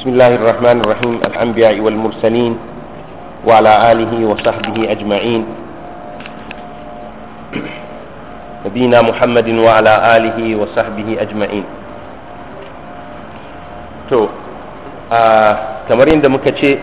بسم الله الرحمن الرحيم الأنبياء والمرسلين وعلى آله وصحبه أجمعين نبينا محمد وعلى آله وصحبه أجمعين to kamar yadda muka ce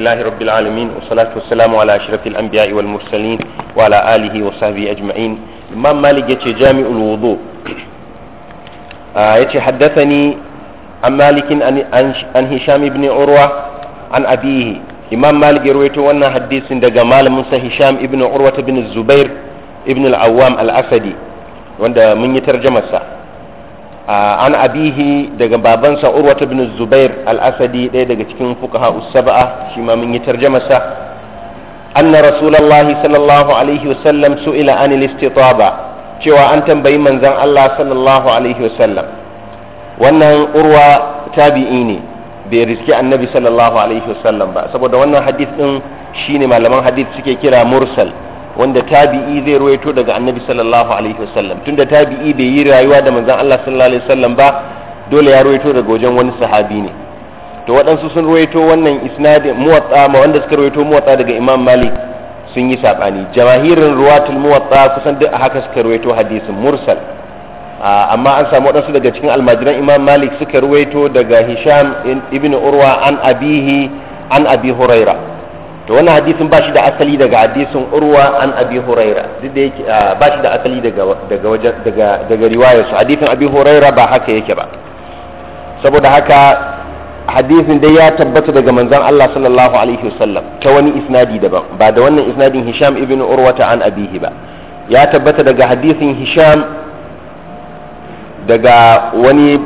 لله رب العالمين والصلاة والسلام على أشرف الأنبياء والمرسلين وعلى آله وصحبه أجمعين الإمام مالك يتي جامع الوضوء آه يتي حدثني عن مالك عن هشام بن عروة عن أبيه إمام مالك يرويته وانا حديث دقا مال موسى هشام ابن عروة بن الزبير ابن العوام الأسدي وانا من يترجم الساعة an abihi daga babansa urwata bin zubair al-asadi ɗaya daga cikin fuka us-sab'a shi ma mun yi tarjamasa anna rasulallahi sallallahu alaihi wasallam su'ila an istitaba cewa an tambayi manzon Allah sallallahu alaihi wasallam wannan urwa tabi'i ne bai riski annabi sallallahu alaihi wasallam ba saboda wannan hadith din shine malaman hadith suke kira mursal wanda tabi'i zai ruwaito daga annabi sallallahu alaihi wasallam tunda tabi'i bai yi rayuwa da manzon Allah sallallahu alaihi wasallam ba dole ya ruwaito daga wajen wani sahabi ne to waɗansu sun ruwaito wannan isnadin muwatta ma wanda suka ruwaito muwatta daga imam malik sun yi sabani jamahirin ruwatul muwatta kusan duk a haka suka ruwaito hadisin mursal amma an samu waɗansu daga cikin almajiran imam malik suka ruwaito daga hisham ibn urwa an abihi an abi huraira to wannan hadisin ba shi da asali daga hadisin urwa an abi huraira duk da yake ah, ba shi da asali daga daga wajen daga daga riwaya su hadisin abi huraira ba haka yake ba saboda haka hadisin dai ya tabbata daga manzon Allah sallallahu alaihi wasallam ta wani isnadi daban ba da wannan isnadin Hisham ibn Urwata an abihi ba ya tabbata daga hadisin Hisham daga wani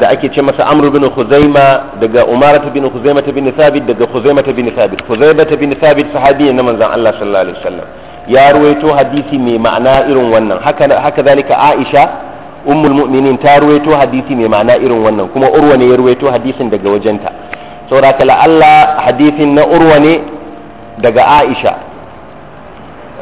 da ake ce masa amru bin khuzaima daga umaratu bin khuzaima bin thabit daga khuzaima bin thabit khuzaima bin thabit sahabi ne na manzon Allah sallallahu alaihi wasallam ya ruwaito hadisi mai ma'ana irin wannan haka haka zalika Aisha ummul mu'minin ta ruwaito hadisi mai ma'ana irin wannan kuma urwa ne ya ruwaito hadisin daga wajenta saboda kala Allah hadisin na urwa ne daga Aisha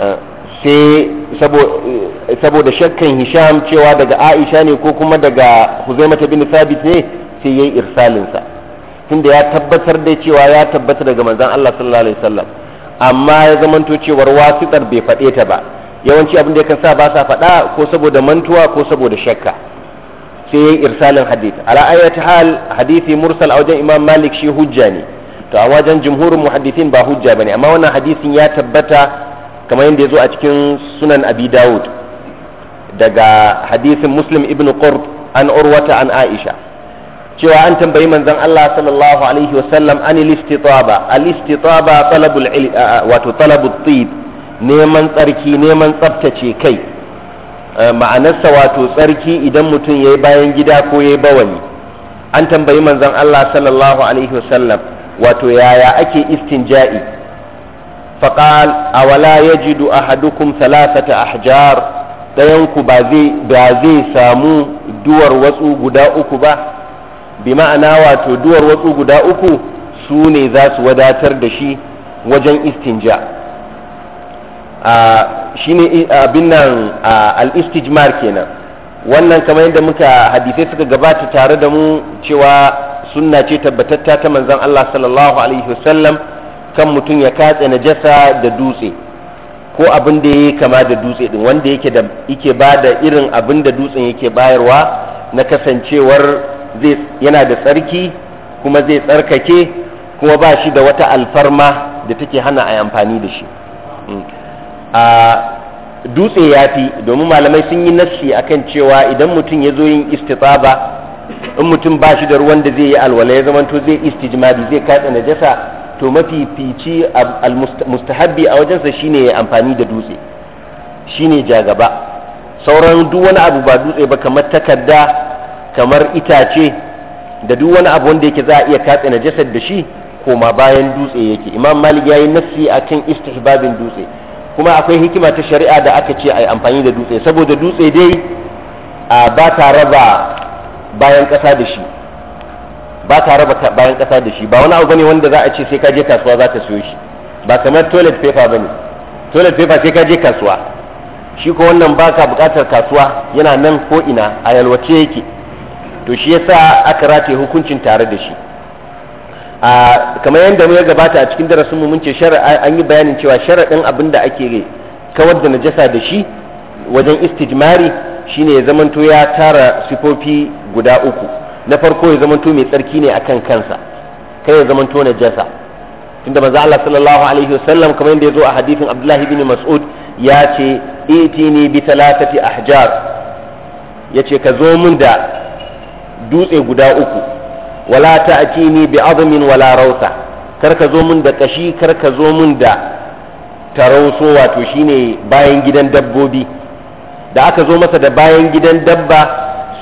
eh, sai saboda shakkan hisham cewa daga aisha ne ko kuma daga huzaimata bin sabit ne sai yayi irsalinsa tunda ya tabbatar da cewa ya tabbata daga manzon Allah sallallahu alaihi wasallam amma ya zamanto cewar wasitar bai faɗe ta ba yawanci abin da yakan sa ba sa faɗa ko saboda mantuwa ko saboda shakka sai yayi irsalin hadith ala ayati hal hadithi mursal a wajen imam malik shi hujja ne to a wajen jumhurin muhaddisin ba hujja bane amma wannan hadisin ya tabbata kamar yadda ya zo a cikin sunan abi dawud daga hadisin muslim ibnu qurb an orwata an aisha cewa an tambayi manzon Allah sallallahu alaihi wasallam an al-istitaba al-istitaba talabul wato talabut neman tsarki neman tsaftace kai ma'anarsa wato tsarki idan mutum yayi bayan gida ko yayi bawani an tambayi manzon Allah sallallahu alaihi wasallam wato yaya ake istinja'i فقال أولا يجد أحدكم ثلاثة أحجار ɗayanku ba zai samu duwar watsu guda uku ba bi ma'ana wato duwar watsu guda uku su ne za su wadatar da shi wajen istinja shi ne abin nan al-istijmar kenan wannan kamar yadda muka hadisai suka gabata tare da mu cewa sunna ce tabbatatta ta manzon Allah sallallahu alaihi wasallam kan mutum ya katse najasa da dutse ko abin da yake kama da dutse din wanda yake da yake ba da irin abin da dutsen yake bayarwa na kasancewar yana da tsarki kuma zai tsarkake kuma ba shi da wata alfarma da take hana a amfani da shi mm. a dutse ya fi domin malamai sun yi nassi akan cewa idan mutum ya zo yin istitaba in mutum ba shi da ruwan da zai yi alwala ya zamanto zai istijmadi zai katse najasa to mafi mafifici mustahabbi a wajensa shine amfani da dutse shine jagaba sauran duk wani abu ba dutse ba kamar takarda kamar itace da duk wani abu wanda yake za a iya katse jasad da shi koma bayan dutse yake imam malik yayi nafsi akan istihbabin dutse kuma akwai hikima ta shari'a da aka ce a yi amfani da dutse saboda dutse dai a ba ta raba bayan ƙasa da shi ba raba bayan kasa da shi ba wani abu bane wanda za a ce sai ka je kasuwa za ka siyo shi ba kamar toilet paper bane toilet paper sai ka je kasuwa shi ko wannan ba ka buƙatar kasuwa yana nan ko ina a yalwace yake to shi yasa aka rataye hukuncin tare da shi a kamar yadda mu ya gabata a cikin darasin mu mun ce an yi bayanin cewa sharaɗin abin da ake kawar da najasa da shi wajen istijmari shine ya zamanto ya tara sifofi guda uku na farko ya zamanto mai tsarki ne akan kansa kai ya zamanto na jasa tunda manzo Allah sallallahu alaihi wasallam kamar yadda ya zo a hadithin Abdullah ibn Mas'ud ya ce itini bi talatati ahjar ya ce ka zo min da dutse guda uku wala ta'tini bi azmin wala rausa kar ka zo min da kashi kar ka zo min da tarauso wato shine bayan gidan dabbobi da aka zo masa da bayan gidan dabba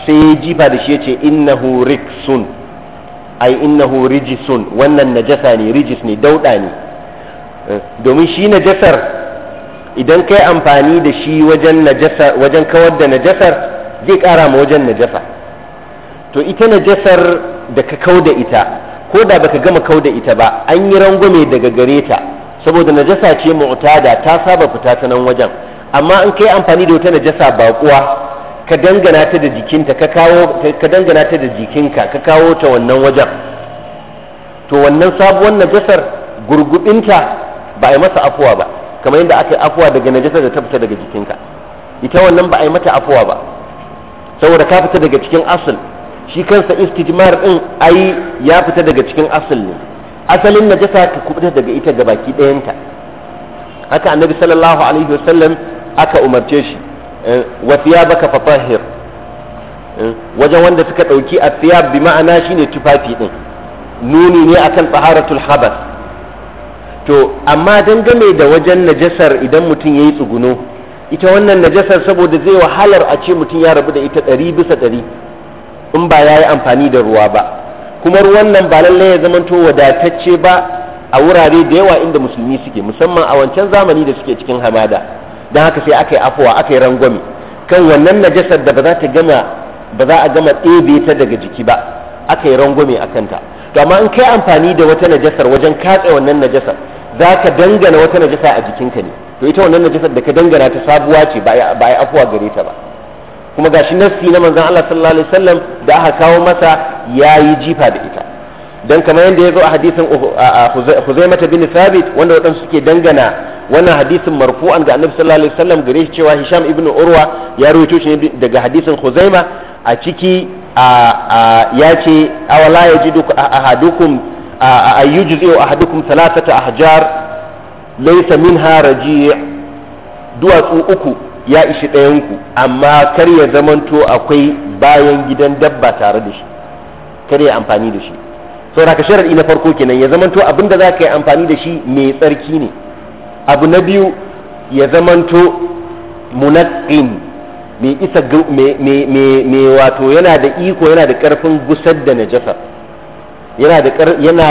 sai ya jifa da shi ya ce innahu riksun ai innahu rijisun wannan najasa ne rijis ne dauda ne eh, domin shi najasar idan kai amfani da shi wajen kawar da najasar zai kara ma wajen najasa to ita najasar da ka kau da ita ko da baka gama kau da ita ba an yi rangwame daga gare ta saboda najasa ce mu'tada ta saba fita ta nan wajen amma in kai amfani da wata najasa ba kuwa ka dangana ta da jikinta ka kawo ka dangana ta da jikinka ka kawo ta wannan wajen to wannan sabuwar najasar gurgudinta ba a yi masa afuwa ba kamar yadda aka yi afuwa daga najasar da ta fita daga jikinka ita wannan ba a yi mata afuwa ba saboda ka fita daga cikin asal shi kansa istijmar din ai ya fita daga cikin asal ne asalin najasa ta kubuta daga ita gabaki ta haka annabi sallallahu alaihi wasallam aka umarce shi Eh, wasiya baka fatahir eh, wajen wanda suka dauki a bi ma'ana shine tufafi din nuni ne akan taharatul habas to amma dangane da wajen najasar idan mutum yayi tsuguno ita wannan najasar saboda zai wahalar a ce mutum ya rabu da ita ɗari bisa ɗari in ba ya yi amfani da ruwa ba kuma ruwan nan ba lallai ya zamanto wadatacce ba a wurare da yawa inda musulmi suke musamman a wancan zamani da suke cikin hamada don haka sai aka yi afuwa aka yi rangwami kan wannan najasar da ba za ta gama ba za a gama ɗebe ta daga jiki ba aka yi rangwame a kanta to amma in kai amfani da wata najasar wajen katse wannan najasar za ka dangana wata najasa a jikinka ne to ita wannan najasar da ka dangana ta sabuwa ce ba yi afuwa gare ta ba kuma gashi nassi na manzon Allah sallallahu alaihi wasallam da aka kawo masa yayi jifa da ita dan kamar yadda ya zo a hadisin Huzaimah bin Thabit wanda waɗansu suke dangana wannan hadisin marfu'an ga Annabi sallallahu alaihi wasallam gare shi cewa Hisham ibn Urwa ya rawaito shi daga hadisin Huzaima a ciki ya ce awala yajidu ahadukum ayujzi'u ahadukum thalathata ahjar laysa minha raji' duwatsu uku ya ishi ɗayanku amma kar ya zamanto akwai bayan gidan dabba tare da shi kar ya amfani da shi saboda ka shirar na farko kenan ya zamanto abin da za ka yi amfani da shi mai tsarki ne abu na biyu ya zamanto munaqqin mai isa mai wato yana da iko yana da karfin gusar da najasa yana da yana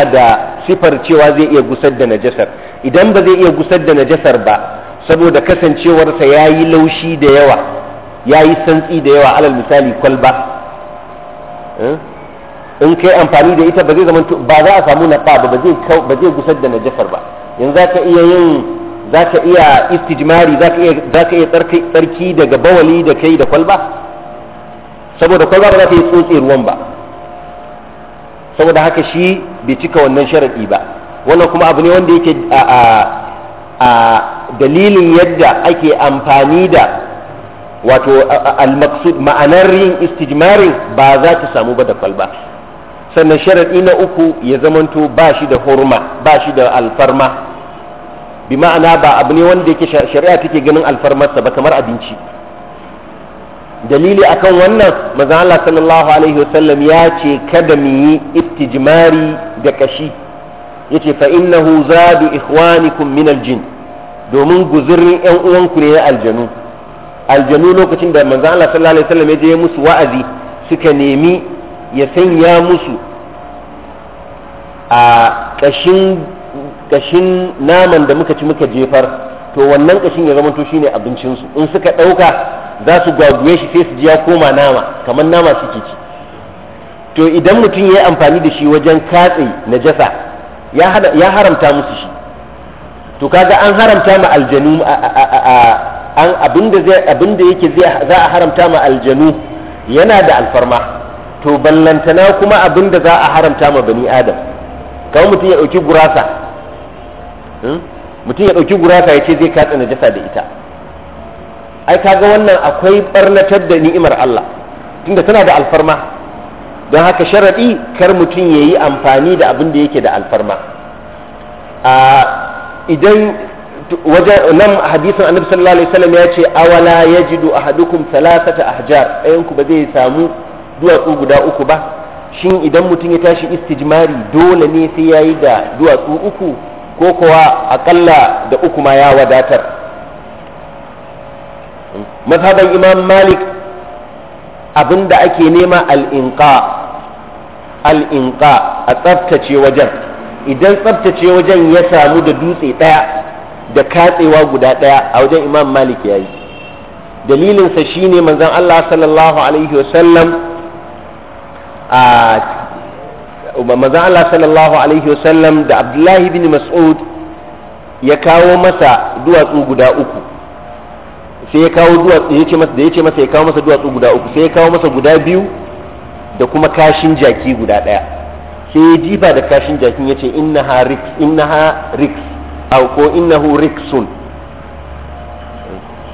sifar cewa zai iya gusar da najasar idan ba zai iya gusar da najasar ba saboda kasancewarsa ya yi laushi da yawa ya yi santsi da yawa alal misali kwalba eh? in kai amfani da ita ba zai zama ba za a samu na ba ba zai ba zai gusar da najasar ba yanzu ka iya yin ka iya istijmari za iya iya tsarki daga bawali da kai da kwalba saboda kwalba ba za ta yi tsotse ruwan ba saboda haka shi bai cika wannan sharadi ba wannan kuma abu ne wanda yake a a dalilin yadda ake amfani da wato al-maqsud ma'anar yin istijmarin ba za ta samu ba da kwalba sannan sharaɗi na uku ya zamanto ba shi da hurma ba shi da alfarma bi ma'ana ba abu ne wanda yake shari'a take ganin alfarmarsa ba kamar abinci dalili akan wannan maza Allah sallallahu alaihi wasallam ya ce kada mu yi da kashi yace fa innahu zadu ikhwanikum min aljin domin guzurin yan uwanku ne aljanu aljanu lokacin da manzo Allah sallallahu alaihi wasallam ya je musu wa'azi suka nemi ya sanya musu a kashin naman da muka ci muka jefar to wannan kashin ya zamanto shine abincinsu in suka ɗauka za su gwaguye shi sai su ji ya koma nama kamar nama suke ci to idan mutum ya yi amfani da shi wajen katse najasa ya haramta musu shi to kaga an haramta ma aljanu abinda yake zai za a haramta ma aljanu yana da alfarma to ballantana kuma abin da za a haramta ma bani adam kawai mutum ya ɗauki gurasa hmm? mutum ya ɗauki gurasa ya ce zai katsa jasa da ita ai kaga wannan akwai barnatar da ni'imar Allah tunda tana da alfarma don haka sharaɗi kar mutum ya yi amfani da abin da yake da alfarma idan wajen nan hadisin annabi sallallahu alaihi wasallam ya ce awala yajidu ahadukum thalathata ahjar ɗayan ku ba zai samu duwatsu guda uku ba shin idan mutum ya tashi istijmari dole ne sai ya yi da duwatsu uku ko kuwa akalla da uku ma ya wadatar mazhaban imam malik abinda ake nema al'inka al'inka a tsaftace wajen idan tsaftace wajen ya samu da dutse ɗaya da katsewa guda ɗaya a wajen imam malik ya yi dalilinsa shine manzon allah sallallahu alaihi wasallam a maza Allah sallallahu alaihi wasallam da abdullahi bin mas'ud ya kawo masa duwatsu guda uku sai ya kawo duwatsu yace masa da ya ce masa ya kawo masa duwatsu guda uku sai ya kawo masa guda biyu da kuma kashin jaki guda daya sai ya jifa da kashin jakin ya ce innaha riks innaha riks aw ko innahu riksun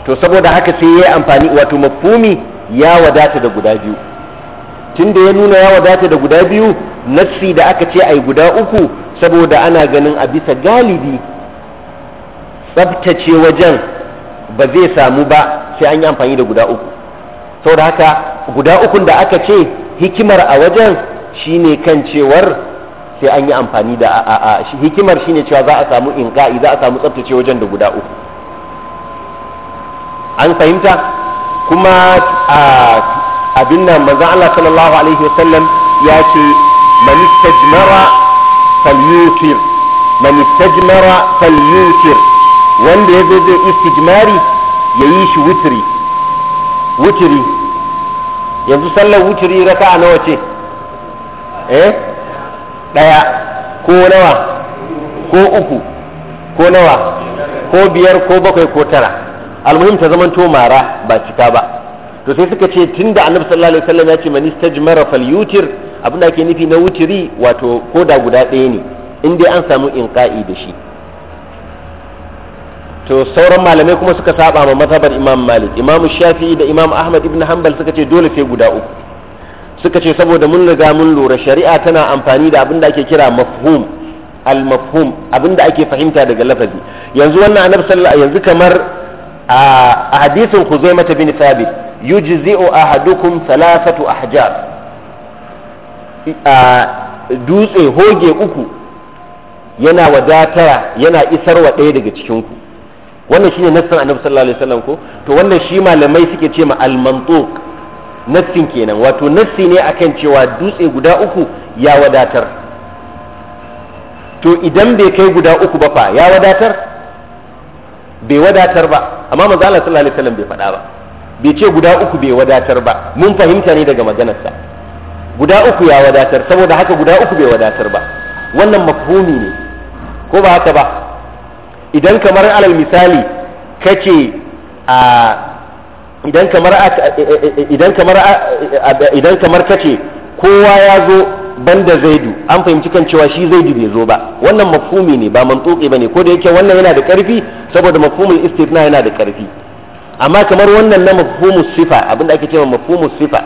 to saboda haka sai ya yi amfani wato mafumi ya wadata da guda biyu tunda ya nuna ya wadata da guda biyu nassi da aka ce ai guda uku saboda ana ganin a bisa galibi tsabtace wajen ba zai samu ba sai an yi amfani da guda uku saboda haka guda ukun da aka ce hikimar a wajen shine kan cewar sai an yi amfani da a hikimar shine cewa za a samu inka'i za a samu tsabtace wajen da guda uku an fahimta kuma a abin nan manzo Allah sallallahu alaihi wasallam ya ce man istajmara falyutir man istajmara falyutir wanda ya zai istijmari yi shi wutri wutri yanzu sallar wutri raka'a nawa ce eh daya ko nawa ko uku ko nawa ko biyar ko bakwai ko tara almuhim ta zamanto mara ba cika ba to sai suka ce tunda annabi sallallahu alaihi wasallam ya ce man istajmara falyutir abinda ake nufi na wutiri wato koda guda ɗaya ne in dai an samu inqa'i da shi to sauran malamai kuma suka saba ma mazhabar imam malik imam shafi'i da imam ahmad ibn hanbal suka ce dole sai guda uku suka ce saboda mun riga mun lura shari'a tana amfani da abin da ake kira mafhum al mafhum abin da ake fahimta daga lafazi yanzu wannan annabi sallallahu yanzu kamar a hadisin khuzaimah bin thabit yujzi'u ahadukum thalathatu ahjar a ah, dutse hoge uku yana wadataya yana isarwa ɗaya daga cikin ku wannan shine nassan annabi sallallahu alaihi wasallam ko to wannan shi malamai suke ce ma al-mantuq nassin kenan wato nassi ne akan cewa dutse guda uku ya wadatar to idan bai kai guda uku ba fa ya wadatar bai wadatar ba amma manzo Allah sallallahu alaihi wasallam bai faɗa ba bai ce guda uku bai wadatar ba mun fahimta ne daga maganarsa guda uku ya wadatar saboda haka guda uku bai wadatar ba wannan mafhumi ne ko ba haka ba idan kamar alal misali kace a idan kamar idan kamar idan kamar kace kowa ya zo banda zaidu an fahimci kan cewa shi zaidu bai zo ba wannan mafhumi ne ba ba bane ko da yake wannan yana da karfi saboda mafhumul istithna yana da karfi amma kamar wannan na mafhumus sifa abinda ake cewa mafhumus sifa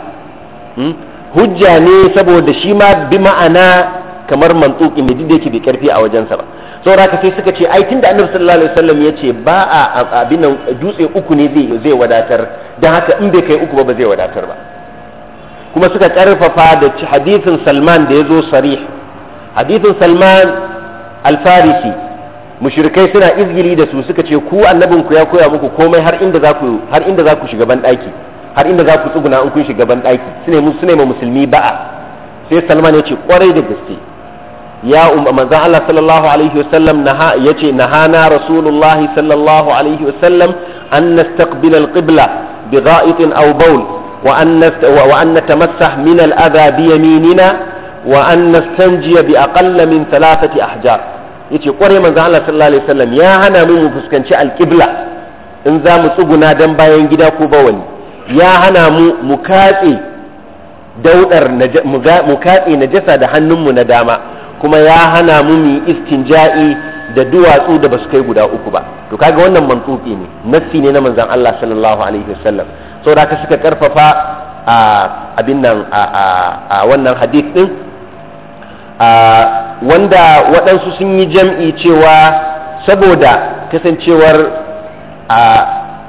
hmm, hujja ne saboda shi ma bi ma'ana kamar mantuki ne duk da yake bai karfi a wajensa ba saboda ka sai suka ce ai tunda annabi sallallahu alaihi wasallam ya ce ba a abin nan dutse uku ne zai zai wadatar dan haka in bai kai uku ba zai wadatar ba kuma suka karfafa da hadisin Salman da ya zo sarih hadisin Salman al-Farisi mushrikai suna izgili da su suka ce ku annabinku ya koya muku komai har inda za ku har inda za ku shiga ban daki har inda za ku tsuguna in kun shiga ban daki sune mu sune ma musulmi ba'a sai Salman ya ce kwarai da gaske ya umma manzon Allah sallallahu alaihi wasallam naha yace nahana rasulullah sallallahu alaihi wasallam an nastaqbila alqibla bi gha'itin aw bawl wa an wa an natamassah min al-adha bi yaminina wa an nastanjiya bi aqalla min thalathati ahjar yace kwarai manzo Allah sallallahu alaihi wasallam ya hana mu mu fuskanci alqibla in za mu tsuguna dan bayan gida ko wani ya hana mu mu katse daudar mu katse najasa da hannunmu na dama kuma ya hana mu mu istinja'i da duwatsu da basu kai guda uku ba to kaga wannan mantsuki ne nassi ne na manzon Allah sallallahu alaihi wasallam saboda haka suka karfafa a abin nan a wannan hadith din a wanda waɗansu sun yi jam'i cewa saboda kasancewar a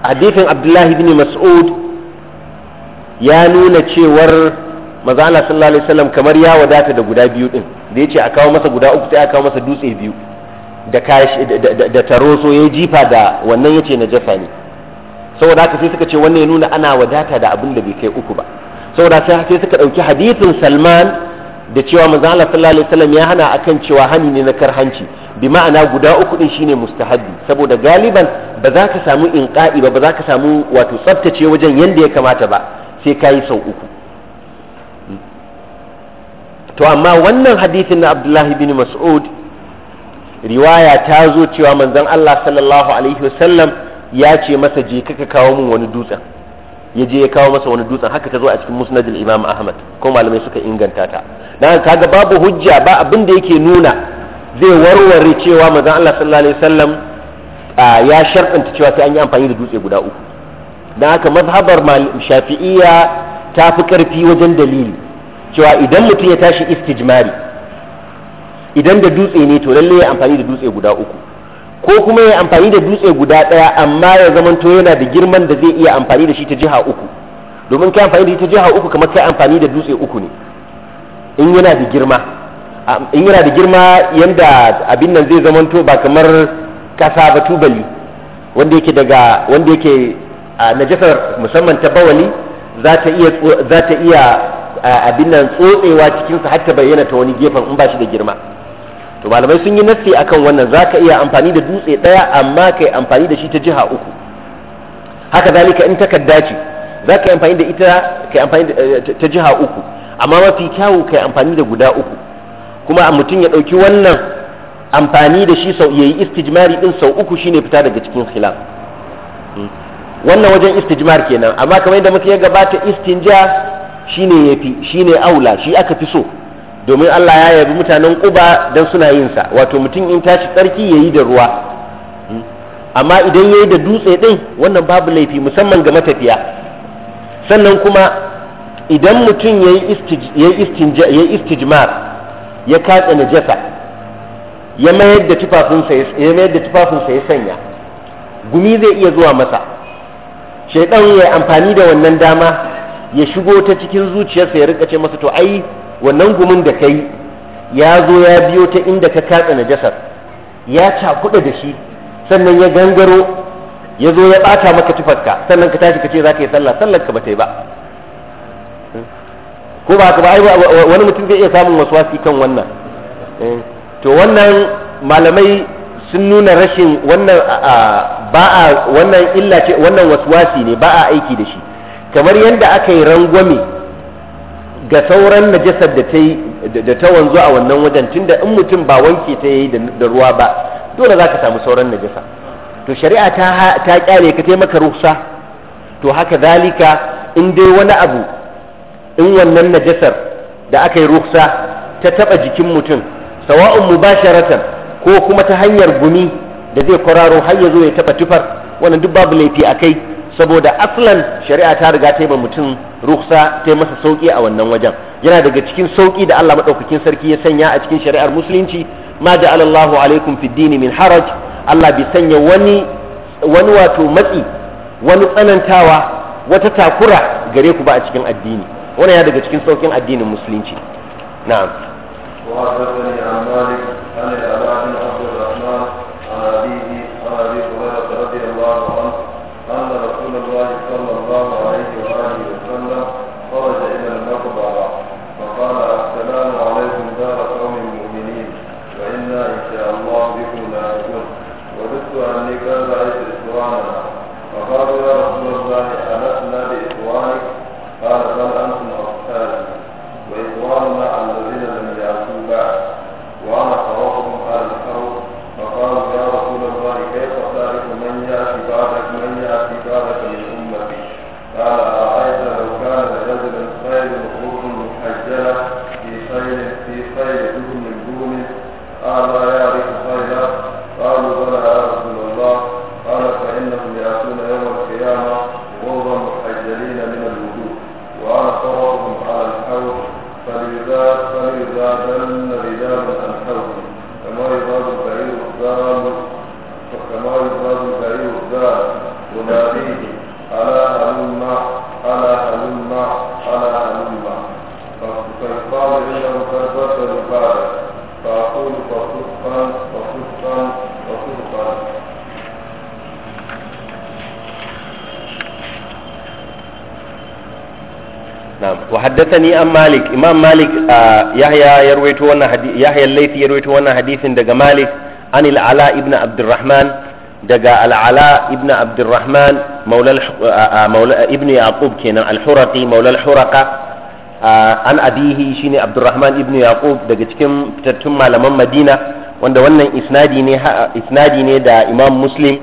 hadithin abdullahi bin mas'ud ya nuna cewar mazala sallallahu alaihi wasallam kamar ya wadata da guda biyu din da ya ce a kawo masa guda uku sai a kawo masa dutse biyu da da taro so ya jifa da wannan ya ce na jafa ne saboda haka sai suka ce wannan ya nuna ana wadata da abin da bai kai uku ba saboda sai suka ɗauki hadithin salman da cewa manzo Allah sallallahu alaihi wasallam ya hana akan cewa hani ne na karhanci bi ma'ana guda uku din shine mustahabbi saboda galiban ba za ka samu inqa'i ba ba za ka samu wato tsaftace wajen yanda ya kamata ba sai kayi sau uku to amma wannan hadisin na Abdullahi bin Mas'ud riwaya ta zo cewa manzon Allah sallallahu alaihi wasallam ya ce masa je ka kawo mun wani dutsen ya ya kawo masa wani dutsen haka ta zo a cikin musnadul imam ahmad ko malamai suka inganta ta dan kaga babu hujja ba abin da yake nuna zai warware cewa manzon Allah sallallahu alaihi wasallam ya sharɗanta cewa sai an yi amfani da dutse guda uku dan haka mazhabar shafi'iyya ta fi ƙarfi wajen dalili cewa idan mutum ya tashi istijmari idan da dutse ne to lalle ya amfani da dutse guda uku ko kuma ya amfani da dutse guda ɗaya amma ya zamanto yana da girman da zai iya amfani da shi ta jiha uku domin kai amfani da shi ta jiha uku kamar kai amfani da dutse uku ne in yana da girma in yana da girma yanda abin nan zai zamanto ba kamar kasa ba tubali wanda yake daga wanda yake a najasar musamman ta bawali za ta iya za ta iya abin nan tsotsewa cikin sa har ta bayyana ta wani gefen in ba shi da girma to malamai sun yi nassi akan wannan za ka iya amfani da dutse daya amma kai amfani da shi ta jiha uku haka zalika in takarda ce za ka yi amfani da ita kai amfani eh, ta jiha uku amma mafi kyawu kai amfani da guda uku kuma a mutum ya ɗauki wannan amfani da shi sau yayi istijmari din sau uku shine fita daga cikin khilaf hmm. wannan wajen istijmar kenan amma kamar yadda muka ya gabata istinja shine yafi shine aula shi aka fi so domin Allah ya yabi mutanen Quba dan suna yin sa wato mutum in tashi tsarki yayi da ruwa hmm. amma idan yayi da dutse din wannan babu laifi musamman ga matafiya sannan kuma idan mutum ya yi istijmar ya katse na ya mayar da tufafinsa ya mayar da tufafinsa ya sanya gumi zai iya zuwa masa shaidan ya amfani da wannan dama ya shigo ta cikin zuciyarsa ya rika ce masa to ai wannan gumin da kai ya zo ya biyo ta inda ka na najasar ya cakuɗa da shi sannan ya gangaro ya zo ya ɓata maka tufarka sannan ka tashi ka ce za ka yi sallah sallar ka ba ta yi ba ko ba ka ba wani mutum zai iya samun waswasi kan wannan eh, to wannan malamai sun nuna rashin wannan ba a wannan illa ce wannan waswasi ne ba a aiki da shi kamar yadda aka yi rangwame ga sauran najasar da ta da ta wanzu a wannan wajen tunda in mutum ba wanke ta yi da ruwa ba dole za ka samu sauran najasa to shari'a ta ta kyale ka taimaka ruhsa to haka zalika in dai wani abu in wannan najasar da aka yi ruksa ta taɓa jikin mutum sawa'un mubasharatan ko kuma ta hanyar gumi da zai kwararo har ya zo ya taba tufar wannan duk babu laifi a kai saboda aslan shari'a ta riga ta yi mutum ruksa ta yi masa sauƙi a wannan wajen yana daga cikin sauki da Allah madaukakin sarki ya sanya a cikin shari'ar musulunci ma ja'alallahu alaikum fid dini min haraj Allah bai sanya wani wani wato matsi wani tsanantawa wata takura gare ku ba a cikin addini wani ya daga cikin saukin addinin musulunci na'am wa حدثني an malik imam malik يحيى ya rawaito wannan hadisi yahya al hadisin daga malik an al-ala daga al مولى ibn abdurrahman yaqub kenan al-huraqi maula al-huraqa an abihi shine abdurrahman ibn yaqub daga cikin tattun malaman madina wanda wannan isnadi ne isnadi ne da imam muslim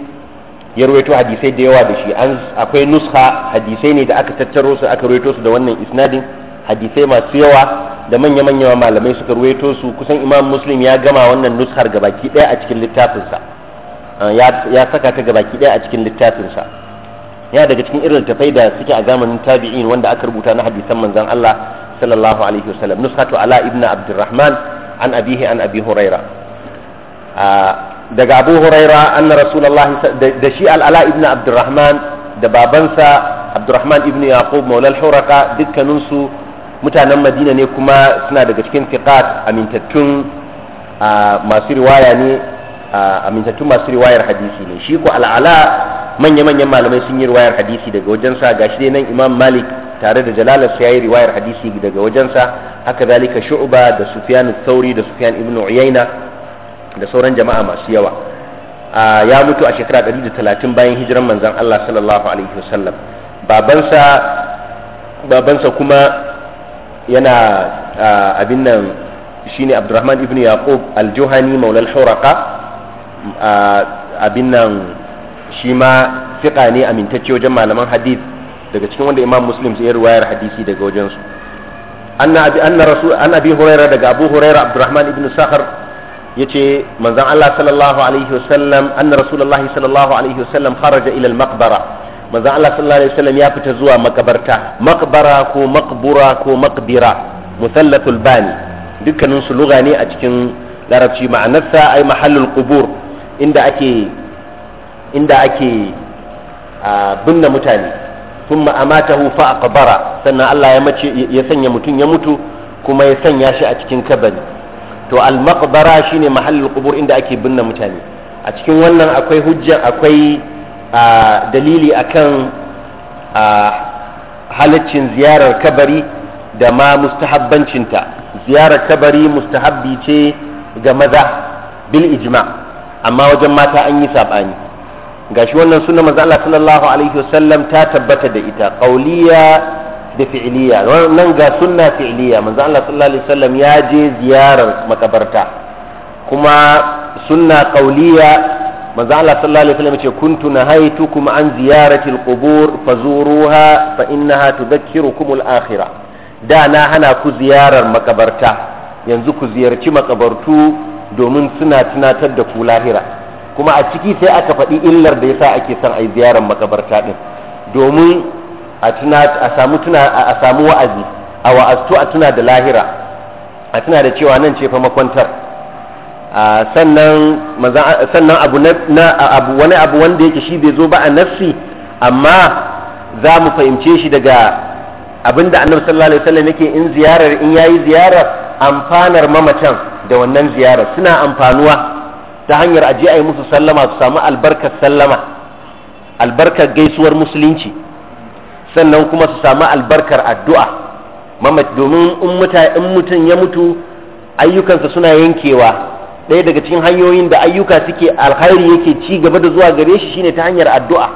ya hadisai da yawa da shi akwai nuskha hadisai ne da aka tattaro su aka ruwaito su da wannan isnadin hadisai masu yawa da manya-manya malamai suka ruwaito su kusan imam muslim ya gama wannan nushar gabaki daya a cikin littafinsa ah, ya saka ta gabaki daya a cikin littafinsa ya daga cikin irin tafai da suke a zamanin tabi'in wanda aka rubuta na hadisan manzon Allah sallallahu alaihi wasallam nushatu ala ibn abdurrahman an abihi an abi huraira ah, daga abu huraira anna rasulullah da shi al-ala ibn abdurrahman da babansa abdurrahman ibn yaqub maulal huraka dukkaninsu mutanen madina ne kuma suna daga cikin fiqat amintattun masu riwaya ne amintattun masu riwayar hadisi ne shi ko al'ala manya-manyan malamai sun yi riwayar hadisi daga wajensa gashi dai nan imam malik tare da jalalarsa ya yi riwayar hadisi daga wajensa haka zalika shu'ba da sufyan thauri da sufyan ibn uyaina da sauran jama'a masu yawa ya mutu a shekara 130 bayan hijiran manzon Allah sallallahu alaihi wasallam babansa babansa kuma yana abin nan ne abdurrahman ibn yaqub al-juhani maulal huraqa abin nan shi ma fiqa ne amintacce wajen malaman hadith daga cikin wanda imam muslim sai ruwayar hadisi daga wajen su anna abi anna rasul an abi hurairah daga abu hurairah abdurrahman ibn ya yace manzon Allah sallallahu alaihi wasallam anna rasulullahi sallallahu alaihi wasallam kharaja ila al-maqbara manzon Allah sallallahu alaihi wasallam ya fita zuwa makabarta makbara ko makbura ko makbira musallatul bani dukkanin su lugha ne a cikin larabci ma'anarsa ai mahallul qubur inda ake inda ake binne mutane thumma amatahu fa aqbara sannan Allah ya mace ya sanya mutum ya mutu kuma ya sanya shi a cikin kabari to al maqbara shine mahallul qubur inda ake binne mutane a cikin wannan akwai hujja akwai dalili akan halaccin ziyarar kabari da ma mustahabbancinta ziyarar kabari mustahabbi ce ga maza bil ijma amma wajen mata an yi saɓani gashi wannan suna maza Allah sallallahu alaihi wasallam ta tabbata da ita qauliya da fi'iliya nan ga sunna fi'iliya manzo Allah sallallahu alaihi wasallam ya je ziyarar makabarta kuma sunna qauliya manzo Allah sallallahu alaihi wasallam ce kuntu nahaitukum an ziyarati alqubur fazuruha fa innaha tudhakkirukum alakhirah da na hana ku ziyarar makabarta yanzu ku ziyarci makabartu domin suna tunatar da ku lahira kuma a ciki sai aka faɗi illar da yasa ake son ai ziyarar makabarta din domin a tuna a samu tuna a samu wa'azi a wa'aztu a tuna da lahira a tuna da cewa nan ce fa makwantar sannan abu na abu wani abu wanda yake shi bai zo ba a nafsi amma za mu fahimce shi daga abinda annabi sallallahu alaihi wasallam yake in ziyarar in yayi ziyarar amfanar mamatan da wannan ziyarar suna amfanuwa ta hanyar aje a yi musu sallama su samu albarkar sallama albarkar gaisuwar musulunci sannan kuma su samu albarkar addu'a domin in mutum ya mutu ayyukansa suna yankewa ɗaya daga cikin hanyoyin da ayyuka suke alkhairi yake ci gaba da zuwa gare shi shine ta hanyar addu'a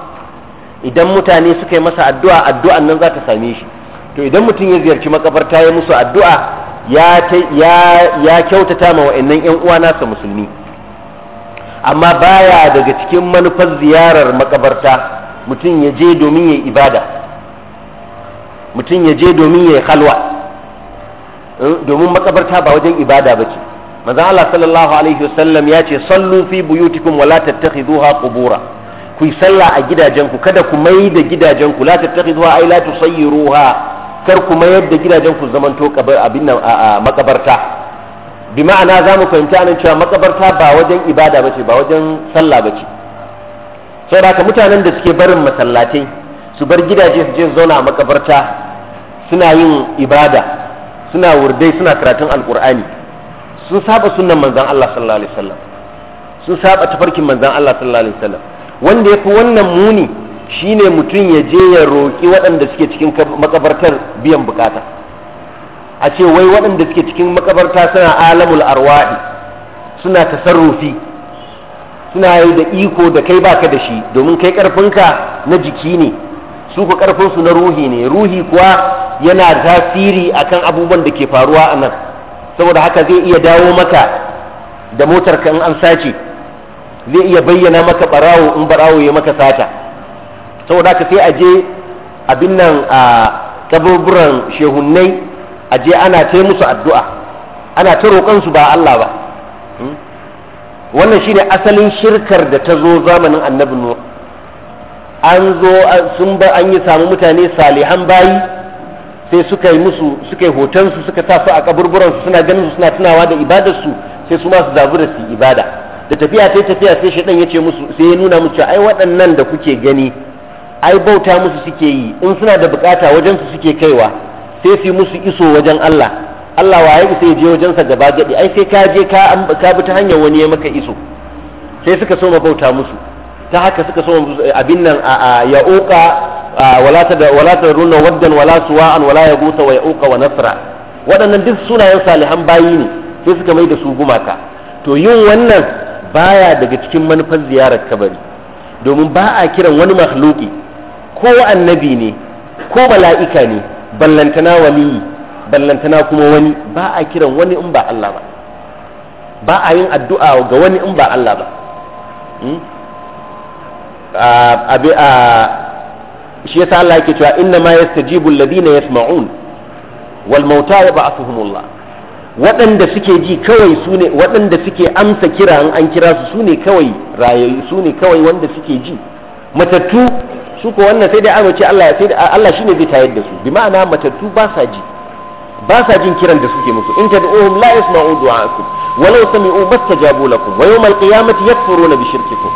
idan mutane suka yi masa addu'a addu'an nan za ta same shi to idan mutum ya ziyarci makabarta ya musu addu'a ya kyautata ma wa'annan yan uwa nasa musulmi amma baya daga cikin manufar ziyarar makabarta mutum ya je domin ya ibada mutum ya je domin ya halwa eh, domin makabarta ba wajen ibada ba ce manzo Allah sallallahu alaihi wasallam ya ce sallu fi buyutikum wa la tattakhiduha qubura ku yi sallah a gidajenku kada ku mai da gidajenku la tattakhiduha ay la tusayyiruha kar ku mayar da gidajenku zamanto kabar abin nan a makabarta bi ma'ana za mu fahimta anan cewa makabarta ba wajen ibada bace ba wajen sallah bace saboda mutanen da suke barin masallatai su bar gidaje su je zauna a makabarta suna yin ibada suna wurdai suna karatun alkur'ani sun saba sunnan manzan Allah sallallahu alaihi wasallam sun saba tafarkin manzan Allah sallallahu alaihi wasallam wanda yafi wannan muni shine mutum ya je ya roki waɗanda suke cikin makabartar biyan bukata a ce wai waɗanda suke cikin makabarta suna alamul arwa'i suna tasarrufi suna yi da iko da kai baka da shi domin kai karfinka na jiki ne su ku karfinsu na ruhi ne ruhi kuwa yana tasiri akan abubuwan da ke faruwa a nan saboda haka zai iya dawo maka da motarka in an sace zai iya bayyana maka barawo in barawo ya maka sata saboda haka sai a je abin nan a kaburburan shehunnai a je ana ta musu addu'a ana ta roƙon su ba Allah ba hmm? wannan shine asalin shirkar da ta zo zamanin annabi nuh an zo sun ba an yi samu mutane salihan bayi sai suka yi musu suka yi hotonsu suka tasu a su suna ganin su suna tunawa da ibadarsu sai su ma su zabu da su ibada da tafiya ta tafiya sai shaidan ya ce musu sai ya nuna musu ai waɗannan da kuke gani ai bauta musu suke yi in suna da bukata wajen su suke kaiwa sai su yi musu iso wajen Allah Allah wa waye sai je wajen sa gaba gadi ai sai ka je ka ka bi ta hanyar wani ya maka iso sai suka so bauta musu ta haka suka so abin nan a ya oka. wala ta runa waddan wala suwa'an wala ya guta wa uka wa nasra waɗannan duk sunayen salihan bayi ne sai suka mai da su gumaka to yin wannan baya daga cikin manufar ziyarar kabari domin ba a kiran wani makhluki ko annabi ne ko mala'ika ne ballantana waliyi ballantana kuma wani ba a kiran wani in ba Allah ba ba a yin addu'a ga wani in ba Allah ba hmm? shi yasa Allah yake cewa inna ma yastajibu alladhina yasma'un wal mauta yab'athuhumullah waɗanda suke ji kawai su ne waɗanda suke amsa kira an an kira su su ne kawai rayayi su ne kawai wanda suke ji matattu su ko wannan sai dai amince Allah sai da Allah shine zai tayar da su bi ma'ana matattu ba sa ji ba sa jin kiran da suke musu in tad'uhum la yasma'u du'a'akum walau sami'u mastajabu lakum wa yawmal qiyamati yakfuruna bi shirkikum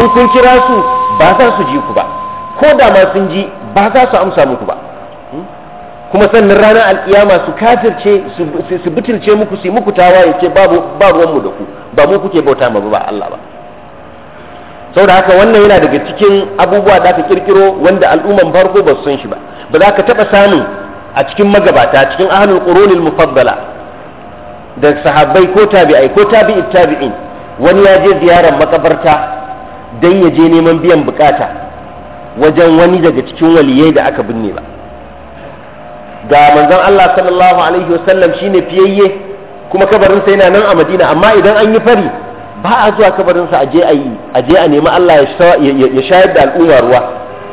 in kun kira su ba za su ji ku ba ko da ma sun ji ba za su amsa muku ba hmm? kuma sannan ranar alkiyama su kafirce su bitirce muku su muku tawaye ce babu ba da ku ba mu kuke bauta ma ba Allah ba sau da haka wannan yana daga cikin abubuwa da aka kirkiro wanda al'umman farko ba su san shi ba ba za ka taba samun a cikin magabata cikin ahlul qurunil mufaddala da sahabbai ko tabi'ai ko tabi'i tabi'in wani ya je ziyarar makabarta dan ya je neman biyan bukata wajen wani daga cikin waliyai da aka binne ba ga manzon Allah sallallahu alaihi wasallam shine fiyayye kuma kabarinsa yana nan a Madina amma idan an yi fari ba a zuwa kabarinsa a je a yi a je a nemi Allah ya shayar da al'umma ruwa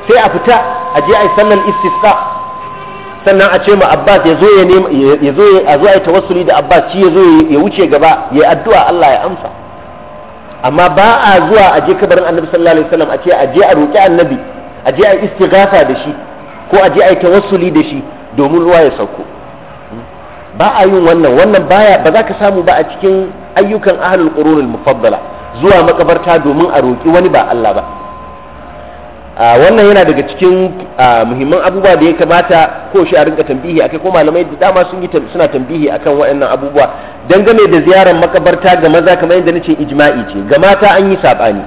sai a fita a je a yi sallar istisqa sannan a ce ma Abbas ya zo ya ya zo a zo a yi tawassuli da Abbas shi ya zo ya wuce gaba ya addu'a Allah ya amsa amma ba a zuwa a je kabarin Annabi sallallahu alaihi wasallam a ce a je a roki Annabi a je a yi istighatha da shi ko a je a yi tawassuli da shi domin ruwa ya sauko ba a yin wannan wannan baya ba za ka samu ba a cikin ayyukan ahlul qurunul mufaddala zuwa makabarta domin a roki wani ba Allah ba wannan yana daga cikin muhimman abubuwa da ya kamata ko shi a rinka tambihi akai ko malamai da dama sun yi suna tambihi akan waɗannan abubuwa game da ziyarar makabarta ga maza kamar yadda nace ijma'i ce ga mata an yi sabani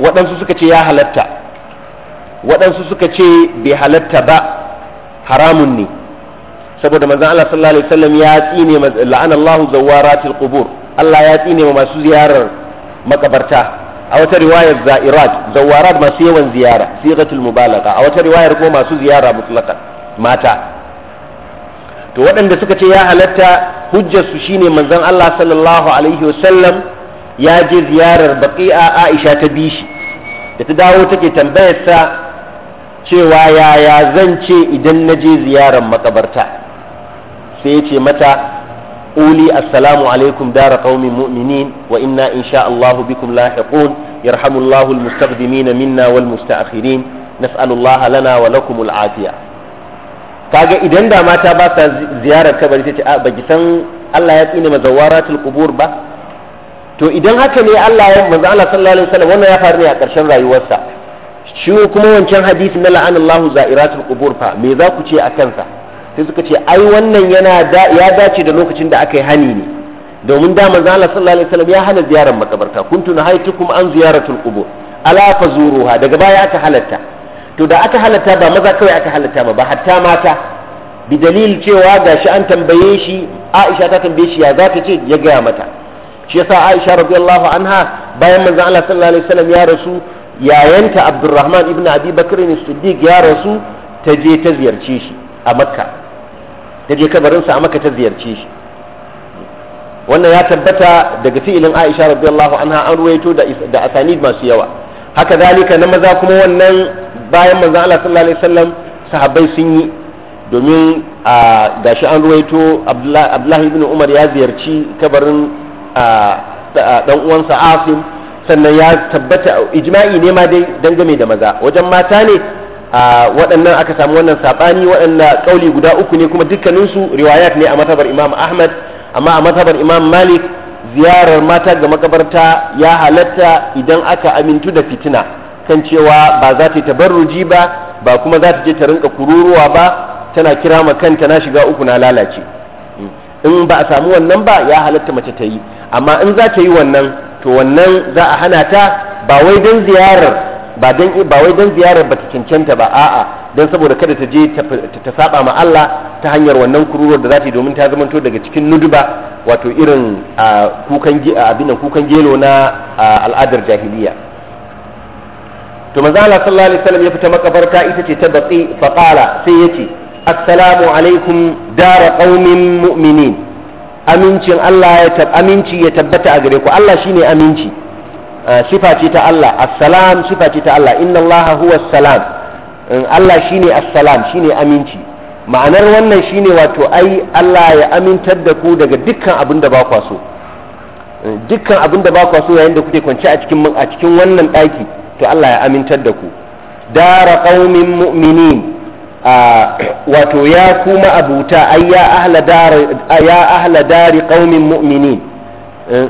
waɗansu suka ce ya halatta waɗansu suka ce bai halatta ba haramun ne saboda manzan Allah sallallahu alaihi wasallam ya tsine la'ana Allahu zawaratil qubur Allah ya tsine ma masu ziyarar makabarta a wata riwayar za'irat zawarat masu yawan ziyara sigatul mubalagha a wata riwayar ko masu ziyara mutlaqan mata to waɗanda suka ce ya halatta hujjar su shine manzan Allah sallallahu alaihi wasallam ya je ziyarar a Aisha ta bi shi da ta dawo take tambayar sa cewa yaya zan ce idan na je ziyarar makabarta sai ya ce mata uli assalamu alaikum dara qaumin mu'minin wa inna insha Allahu bikum lahiqun yarhamullahu almustaqdimina minna wal mustaakhirin nas'alullaha lana wa lakum al'afiya kaga idan da mata ba sa ziyarar kabari sai ce a baki san Allah ya tsine mazawaratul qubur ba to idan haka ne Allah ya manzo Allah sallallahu alaihi wasallam wannan ya faru ne a ƙarshen rayuwarsa shi kuma wancan hadisi na la'anallahu za'iratul qubur fa me za ku ce a kansa sai suka ce ai wannan yana ya dace da lokacin da aka yi hani ne domin da manzo Allah sallallahu alaihi wasallam ya hana ziyarar makabarta kuntu nahaitukum an ziyaratul qubur ala fazuruha daga baya aka halatta to da aka halatta ba maza kawai aka halatta ba ba hatta mata bi dalil cewa gashi an tambaye shi Aisha ta tambaye shi ya za ce ya gaya mata shi yasa Aisha radiyallahu anha bayan manzo Allah sallallahu alaihi wasallam ya rasu yayanta Abdurrahman ibn Abi Bakr ibn siddiq ya rasu ta je ta ziyarce shi a Makka ta je kabarinsa a Makka ta ziyarce shi wannan ya tabbata daga fi'ilin Aisha radiyallahu anha an ruwaito da da asanid masu yawa haka zalika na maza kuma wannan bayan manzo Allah sallallahu alaihi wasallam sahabbai sun yi domin a gashi an ruwaito Abdullahi ibn Umar ya ziyarci kabarin dan uwansa asim sannan ya tabbata ijma'i ne ma dai dangane da maza wajen mata ne waɗannan aka samu wannan saɓani waɗannan kauli guda uku ne kuma dukkaninsu riwayat ne a matabar imam ahmad amma a matabar imam malik ziyarar mata ga makabarta ya halatta idan aka amintu da fitina kan cewa ba za ta tabarruji ba ba kuma za ta je ta rinka kururuwa ba tana kira ma kanta na shiga uku na lalace in ba a samu wannan ba ya halatta mace ta yi amma in za ta yi wannan to wannan za a hana ta ba wai don ziyarar ba don ba wai don ziyarar bata cancanta ba a'a don saboda kada ta je ta saba ma Allah ta hanyar wannan kururuwar da za ta yi domin ta zamanto daga cikin nuduba wato irin kukan abin kukan gelo na al'adar jahiliya to manzo Allah sallallahu alaihi wasallam ya fita makabarta ita ce ta batsi faqala sai yace assalamu alaikum dara qaumin mu'minin amincin Allah ya tab aminci ya tabbata a gare ku Allah shine aminci ah, sifa ce ta Allah assalam sifa ce ta Allah inna Allah huwa assalam Allah shine assalam shine aminci ma'anar wannan shine wato ai Allah ya amintar da ku daga dukkan abin da ba ku so eh, dukkan abin da ba ku so yayin da kuke kwance a cikin a cikin wannan daki to Allah ya amintar da ku dara qaumin mu'minin wato ya kuma abuta ai ya ahla dari ya ahla dari qaumin mu'minin eh,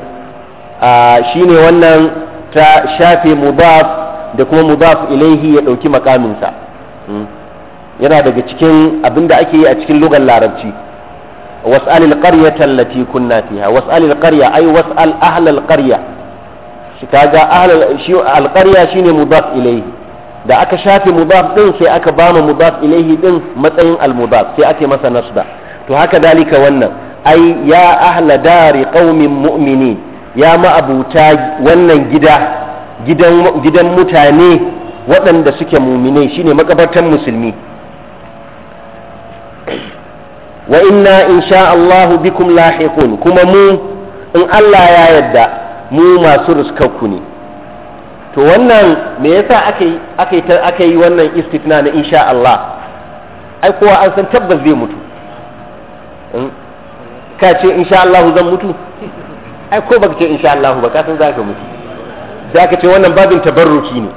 shine wannan ta shafe mudaf da kuma mudaf ilaihi ya dauki makamin sa hmm. yana daga cikin abinda ake yi a cikin lugar larabci was'alil qaryata allati kunna fiha was'alil qarya ai was'al ahlal qarya shi kaga ahlal shi al qarya shine mudaf ilaihi da aka shafe mudaf din sai aka bama mu mudaf ilaihi din matsayin al-mudaf sai ake masa nasba to haka dalika wannan ai ya ahla dari qaumin mu'minin ya ma'abuta wannan gida gidan gidan mutane waɗanda suke muminai shine makabartan musulmi wa inna insha Allahu bikum lahiqun kuma mu in Allah ya yarda mu masu riskakku ne to wannan me yasa aka yi aka yi wannan istitna na insha Allah ai kowa an san tabbas zai mutu hmm? ka ce insha Allah zan mutu ai ko baka ce insha Allah ba ka san za ka mutu za ka ce wannan babin tabarruki ne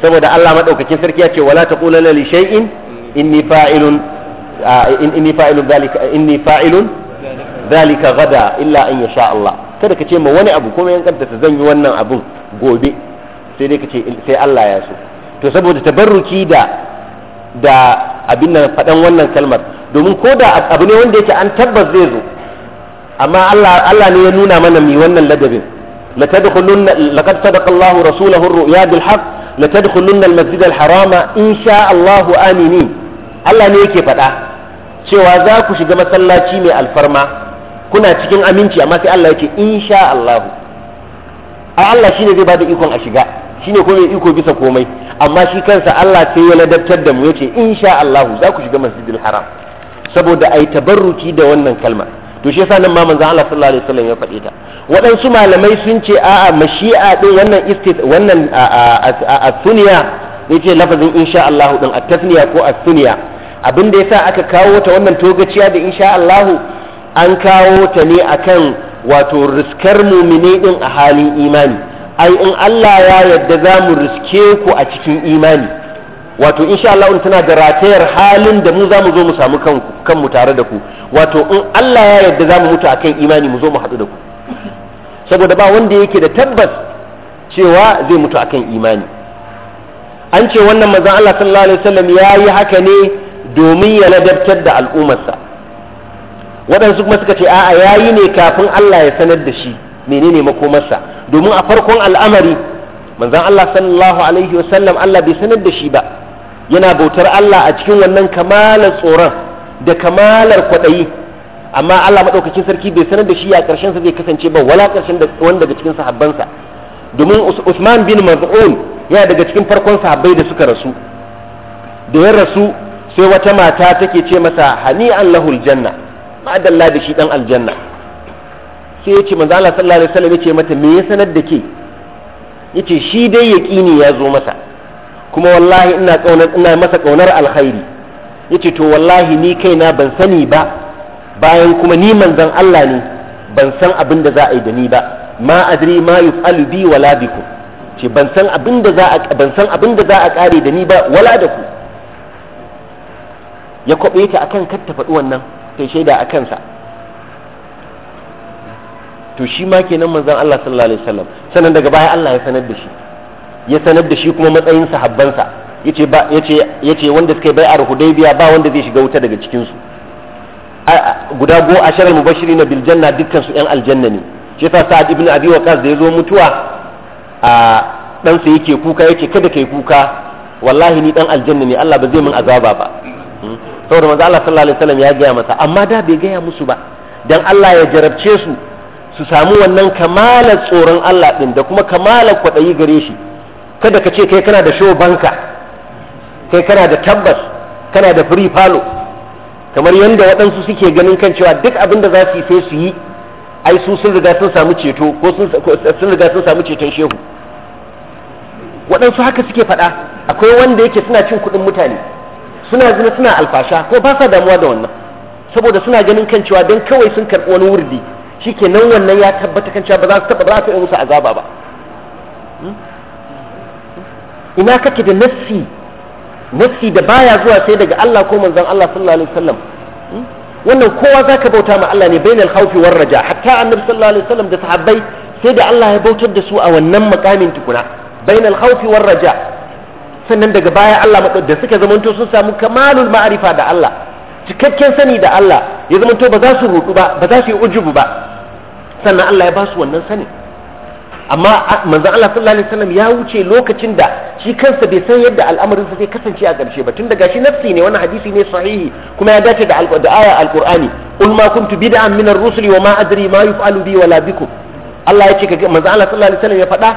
saboda Allah madaukakin sarki ya ce wala taqulanna li shay'in inni fa'ilun inni fa'ilun dalika inni fa'ilun dalika gada illa an yasha Allah kada ka ce ma wani abu kuma yan kaddata zan yi wannan abun gobe sai dai ka ce sai Allah ya so to saboda tabarruki da da abin nan faɗan wannan kalmar domin ko da abu ne wanda yake an tabbas zai zo amma Allah Allah ne ya nuna mana mi wannan ladabin la tadkhulunna laqad sadaqa Allahu rasulahu ar-ru'ya bil haqq لتدخلن المسجد الحرام شاء الله Allah ne yake faɗa cewa za ku shiga masallaci mai alfarma kuna cikin aminci amma sai Allah yake in sha Allah a Allah shine zai bada ikon a shiga shine ko mai iko bisa komai amma shi kansa Allah sai ya ladabtar da mu yace insha Allah za ku shiga masjidil haram saboda ai tabarruki da wannan kalma to shi yasa nan ma manzo Allah sallallahu alaihi wasallam ya faɗe ta waɗansu malamai sun ce a'a mashi'a din wannan istit wannan as sunniya yace lafazin insha Allah din at-tasniya ko as sunniya abin da yasa aka kawo ta wannan togaciya da insha Allah an kawo ta ne akan wato riskar mumini din a halin imani ai in Allah ya yarda za mu riske ku a cikin imani wato insha Allah tana da ratayar halin da mu za mu zo mu samu kanku kanmu tare da ku wato in Allah ya yarda za mu mutu akan imani mu zo mu haɗu da ku saboda ba wanda yake da tabbas cewa zai mutu akan imani an ce wannan manzon Allah sallallahu alaihi wasallam ya yi haka ne domin ya ladabtar da al'ummarsa waɗansu kuma suka ce a'a yayi ne kafin Allah ya sanar da shi menene makomarsa domin a farkon al'amari manzon Allah sallallahu alaihi wasallam Allah bai sanar da shi ba yana bautar Allah a cikin wannan kamalar tsoron da kamalar kwaɗayi amma Allah maɗaukacin sarki bai sanar da shi ya ƙarshen sa zai kasance ba wala ƙarshen da daga cikin sahabbansa domin Usman bin Maz'un yana daga cikin farkon sahabbai da suka rasu da ya rasu sai wata mata take ce masa hani'an lahul janna ma'adalla da shi dan aljanna sai ya ce manzo Allah sallallahu alaihi wasallam yace mata me ya sanar da ke yace shi dai yaqini ya zo masa kuma wallahi ina kauna ina masa kaunar alkhairi yace to wallahi ni kaina ban sani ba bayan kuma ni manzon Allah ne ban san abin da za a yi da ni ba ma adri ma yufalu wala bikum ce ban san abin da za a ban san abin da za a kare da ni ba wala da ku ya kwabe ta akan kar ta faɗi wannan sai shaida a kansa to shi ma kenan manzon Allah sallallahu alaihi wasallam sannan daga baya Allah ya sanar da shi ya sanar da shi kuma matsayin sahabbansa yace ba yace yace wanda suka bai ar hudaybiya ba wanda zai shiga wuta daga cikin su guda go asharal mubashirin bil janna dukkan su yan aljanna ne shi yasa sa'ad ibn abi waqas da yazo mutuwa a dan sa yake kuka yace kada kai kuka wallahi ni dan aljanna ne Allah ba zai min azaba ba hmm saboda manzo Allah sallallahu alaihi wasallam ya gaya masa amma da bai gaya musu ba dan Allah ya jarabce su su samu wannan kamalar tsoron Allah ɗin da kuma kamalar kwaɗayi gare shi kada ka ce kai kana da show banka kai kana da tabbas kana da free falo kamar yadda waɗansu suke ganin kan cewa duk abin da za su yi sai su yi ai su sun riga sun samu ceto ko sun riga sun samu ceton shehu waɗansu haka suke faɗa akwai wanda yake suna cin kuɗin mutane suna zina suna alfasha ko ba sa damuwa da wannan saboda suna ganin kan cewa don kawai sun karɓi wani wurdi shi nan wannan ya tabbata kan cewa ba za su taba ba za su musu azaba ba hmm? ina kake da nassi nassi da baya zuwa sai daga Allah ko manzon Allah sallallahu alaihi wasallam hmm? wannan kowa zaka bauta ma Allah ne bainal khawfi war raja hatta annabi sallallahu alaihi wasallam da sahabbai sai da Allah ya bautar da su a wannan makamin tukuna bainal khawfi war raja sannan daga baya Allah da suka zamanto sun samu kamalul ma'arifa da Allah cikakken sani da Allah ya zamanto ba za su rudu ba ba za su yi ujubu ba sannan Allah ya ba su wannan sani amma manzon Allah sallallahu alaihi wasallam ya wuce lokacin da shi kansa bai san yadda al'amarin sa zai kasance a ƙarshe ba tunda gashi nafsi ne wannan hadisi ne sahihi kuma ya dace da aya alqur'ani qul ma kuntu bid'an min ar-rusuli wa ma adri ma yuf'alu bi wala bikum Allah ya ce ga manzon Allah sallallahu alaihi wasallam ya faɗa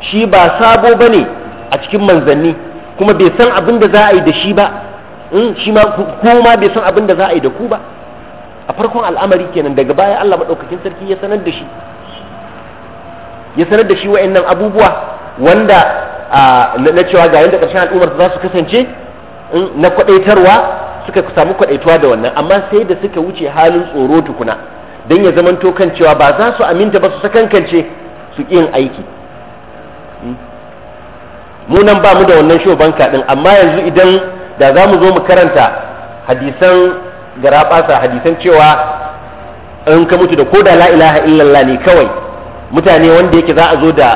shi ba sabo bane a cikin manzanni kuma bai san abin da za a yi da shi ba hmm, shi ma bai san abin da za a yi da ku ba a farkon al'amari kenan daga baya Allah maɗaukakin sarki ya sanar da shi ya sanar da shi wa'annan abubuwa wanda na cewa ga yadda ƙarshen al'ummar za su kasance na kwaɗaitarwa suka samu kwaɗaituwa da wannan amma sai da suka wuce halin tsoro tukuna don ya zamanto kan cewa ba za su aminta ba su sakankance su ƙin aiki hmm? mu nan ba mu da wannan shoban kaɗin amma yanzu idan da za mu zo mu karanta hadisan gara hadisan cewa in ka mutu da ko da la ilaha illallah ne kawai mutane wanda yake za a zo da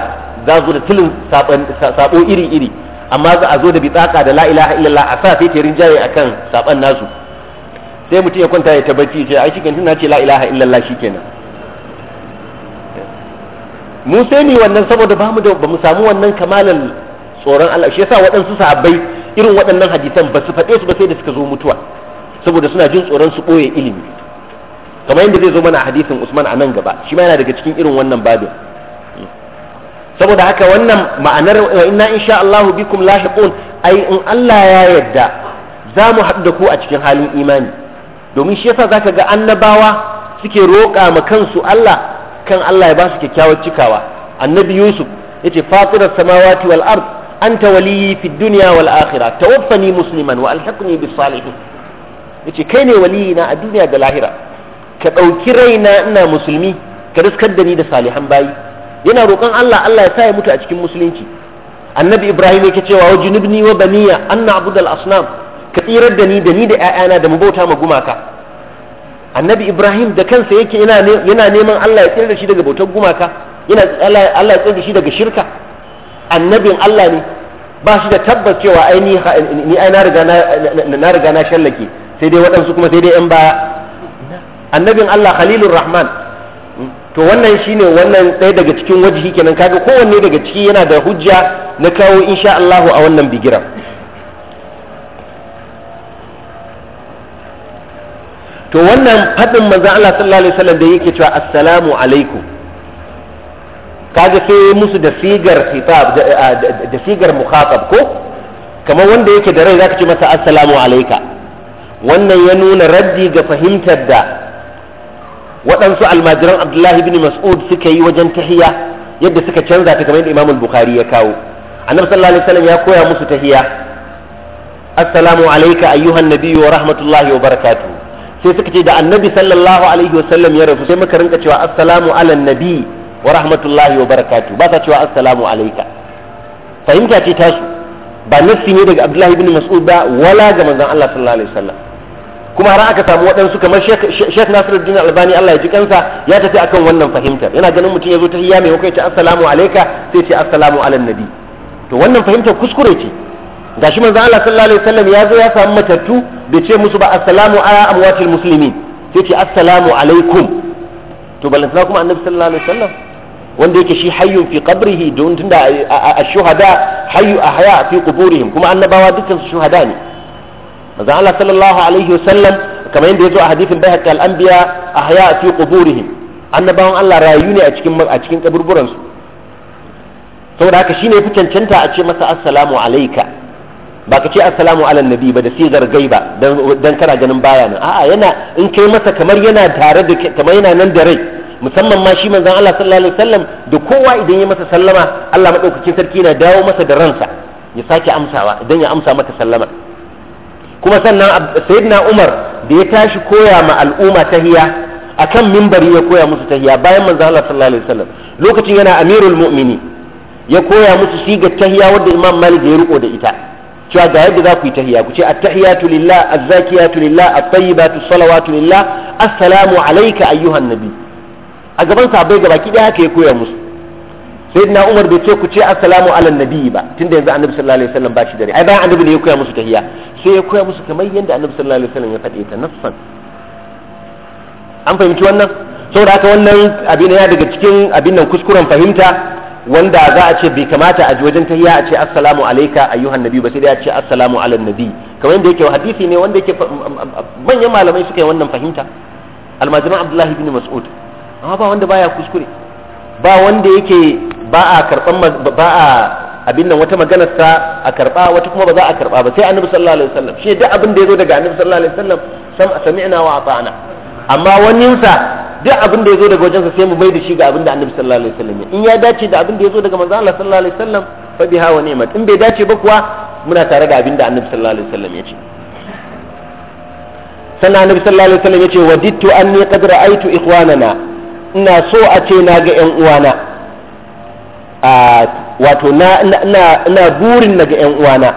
za zo da tilin sabo iri iri amma za a zo da bitsaka da la ilaha illallah a sa sai ta rinjaye akan saban nasu sai mutum ya kwanta ya tabbaci ce ai shikin tana ce la ilaha illallah shikenan mu sai ni wannan saboda bamu da mu samu wannan kamalan tsoron Allah shi yasa waɗansu sahabbai irin waɗannan hadisan ba su faɗe su ba sai da suka zo mutuwa saboda suna jin tsoron su ɓoye ilimi kamar yadda zai zo mana hadisin Usman a nan gaba shi ma yana daga cikin irin wannan babin saboda haka wannan ma'anar wa inna insha Allahu bikum lahiqun ai in Allah ya yarda za mu haɗu da ku a cikin halin imani domin shi yasa zaka ga annabawa suke roƙa ma kansu Allah kan Allah ya ba su kyakkyawar cikawa annabi Yusuf yace fatirar samawati wal ard anta waliyyi fid dunya wal akhirah tawaffani musliman wa alhiqni bis salihin yace kai ne waliyina a duniya da lahira ka ɗauki raina ina musulmi ka riskar da ni da salihan bayi yana roƙon Allah Allah ya sa ya mutu a cikin musulunci annabi Ibrahim yake cewa wa junubni wa baniya an na'budu al-asnam ka tsirar da ni da ni da ƴaƴana da mu bauta ma gumaka annabi Ibrahim da kansa yake yana neman Allah ya tsirar da shi daga bautar gumaka yana Allah ya tsira da shi daga shirka annabin Allah ne ba shi da tabbacewa cewa ai ni ai na riga na riga na shallake sai dai waɗansu kuma sai dai yan baya annabin Allah khalilur rahman to wannan shine wannan ɗaya daga cikin wajihi kenan kaga kowanne daga ciki yana da hujja na kawo insha Allah a wannan bigiran to wannan faɗin manzon Allah sallallahu alaihi wasallam da yake cewa assalamu alaikum kaga sai musu da sigar khitab da sigar mukhatab ko kamar wanda yake da rai zaka ce masa assalamu alaikum wannan ya nuna raddi ga fahimtar da waɗansu almajiran abdullahi bin mas'ud suka yi wajen tahiya yadda suka canza ta kamar yadda imamul bukhari ya kawo annabi sallallahu alaihi wasallam ya koya musu tahiya assalamu alayka ayyuhan nabiyyu wa rahmatullahi wa barakatuh sai suka ce da annabi sallallahu alaihi wasallam ya rafu sai muka rinka cewa assalamu ala nabi wa rahmatullahi wa barakatuh ba ta cewa assalamu alayka fahimta ce tashi ba nassi ne daga abdullahi bin mas'ud ba wala ga manzon Allah sallallahu alaihi wasallam kuma har aka samu waɗansu kamar Sheikh Nasiruddin Albani Allah ya ji kansa ya tafi akan wannan fahimtar yana ganin mutum ya zo ta hiya mai hukunci assalamu alaika sai ce assalamu ala nabi to wannan fahimtar kuskure ce gashi manzo Allah sallallahu alaihi wasallam ya zo ya samu matattu da ce musu ba assalamu ala amwatil muslimin sai ce assalamu alaikum to balantana kuma annabi sallallahu alaihi wasallam wanda yake shi hayyun fi qabrihi don tunda ashuhada hayyu ahya fi quburihim kuma annabawa dukkan su shuhada ne manzon Allah sallallahu alaihi wasallam kamar yadda yazo a hadithin bayhaqi al-anbiya ahya fi quburihim annabawan Allah rayu ne a cikin a cikin kaburburan su saboda haka shine yafi cancanta a ce masa assalamu alayka ba ka ce assalamu ala nabi ba da sigar gaiba dan kana ganin baya nan a'a yana in kai masa kamar yana tare da kamar yana nan da rai musamman ma shi manzon Allah sallallahu alaihi wasallam da kowa idan ya masa sallama Allah madaukakin sarki na dawo masa da ransa ya sake amsawa idan ya amsa mata sallama kuma sannan sayyidina umar da ya tashi koya ma al'umma ta a kan mimbari ya koya musu ta hiya bayan manzo Allah sallallahu alaihi wasallam lokacin yana amirul mu'mini ya koya musu sigar tahiya wadda imam malik ya riko da ita cewa ga yadda za ku yi tahiya ku ce attahiyatu lillah azzakiyatu lillah at-tayyibatu salawatu lillah assalamu alayka ayyuhan nabi a gaban sabai gaba ki haka ya koya musu sayyidina umar bai ce ku ce assalamu ala nabi ba tunda yanzu annabi sallallahu alaihi wasallam ba shi da rai ai bayan annabi ne ya koya musu tahiyya sai ya koya musu kamar yadda annabi sallallahu alaihi wasallam ya faɗe ta nassan an fahimci wannan saboda haka wannan abin ya daga cikin abin nan kuskuren fahimta wanda za a ce bai kamata a ji wajen tahiyya a ce assalamu alayka ayyuhan nabi ba sai dai a ce assalamu ala nabi kamar yadda yake hadisi ne wanda yake manyan malamai suka yi wannan fahimta almajiran abdullahi bin mas'ud amma ba wanda baya kuskure ba wanda yake ba a karban ba a abin nan wata maganar sa a karba wata kuma ba za a karba ba sai annabi sallallahu alaihi wasallam shi duk abin da yazo daga annabi sallallahu alaihi wasallam sam sami'na wa ata'na amma sa duk abin da yazo daga wajensa sai mu bai da shi ga abin da annabi sallallahu alaihi wasallam in ya dace da abin da yazo daga manzo Allah sallallahu alaihi wasallam fa biha wa ni'mat in bai dace ba kuwa muna tare da abin da annabi sallallahu alaihi wasallam ya ce sannan annabi sallallahu alaihi wasallam ya ce wadittu anni qad ra'aytu ikhwanana ina so a ce na ga yan uwana wato na burin na ga uwa uwana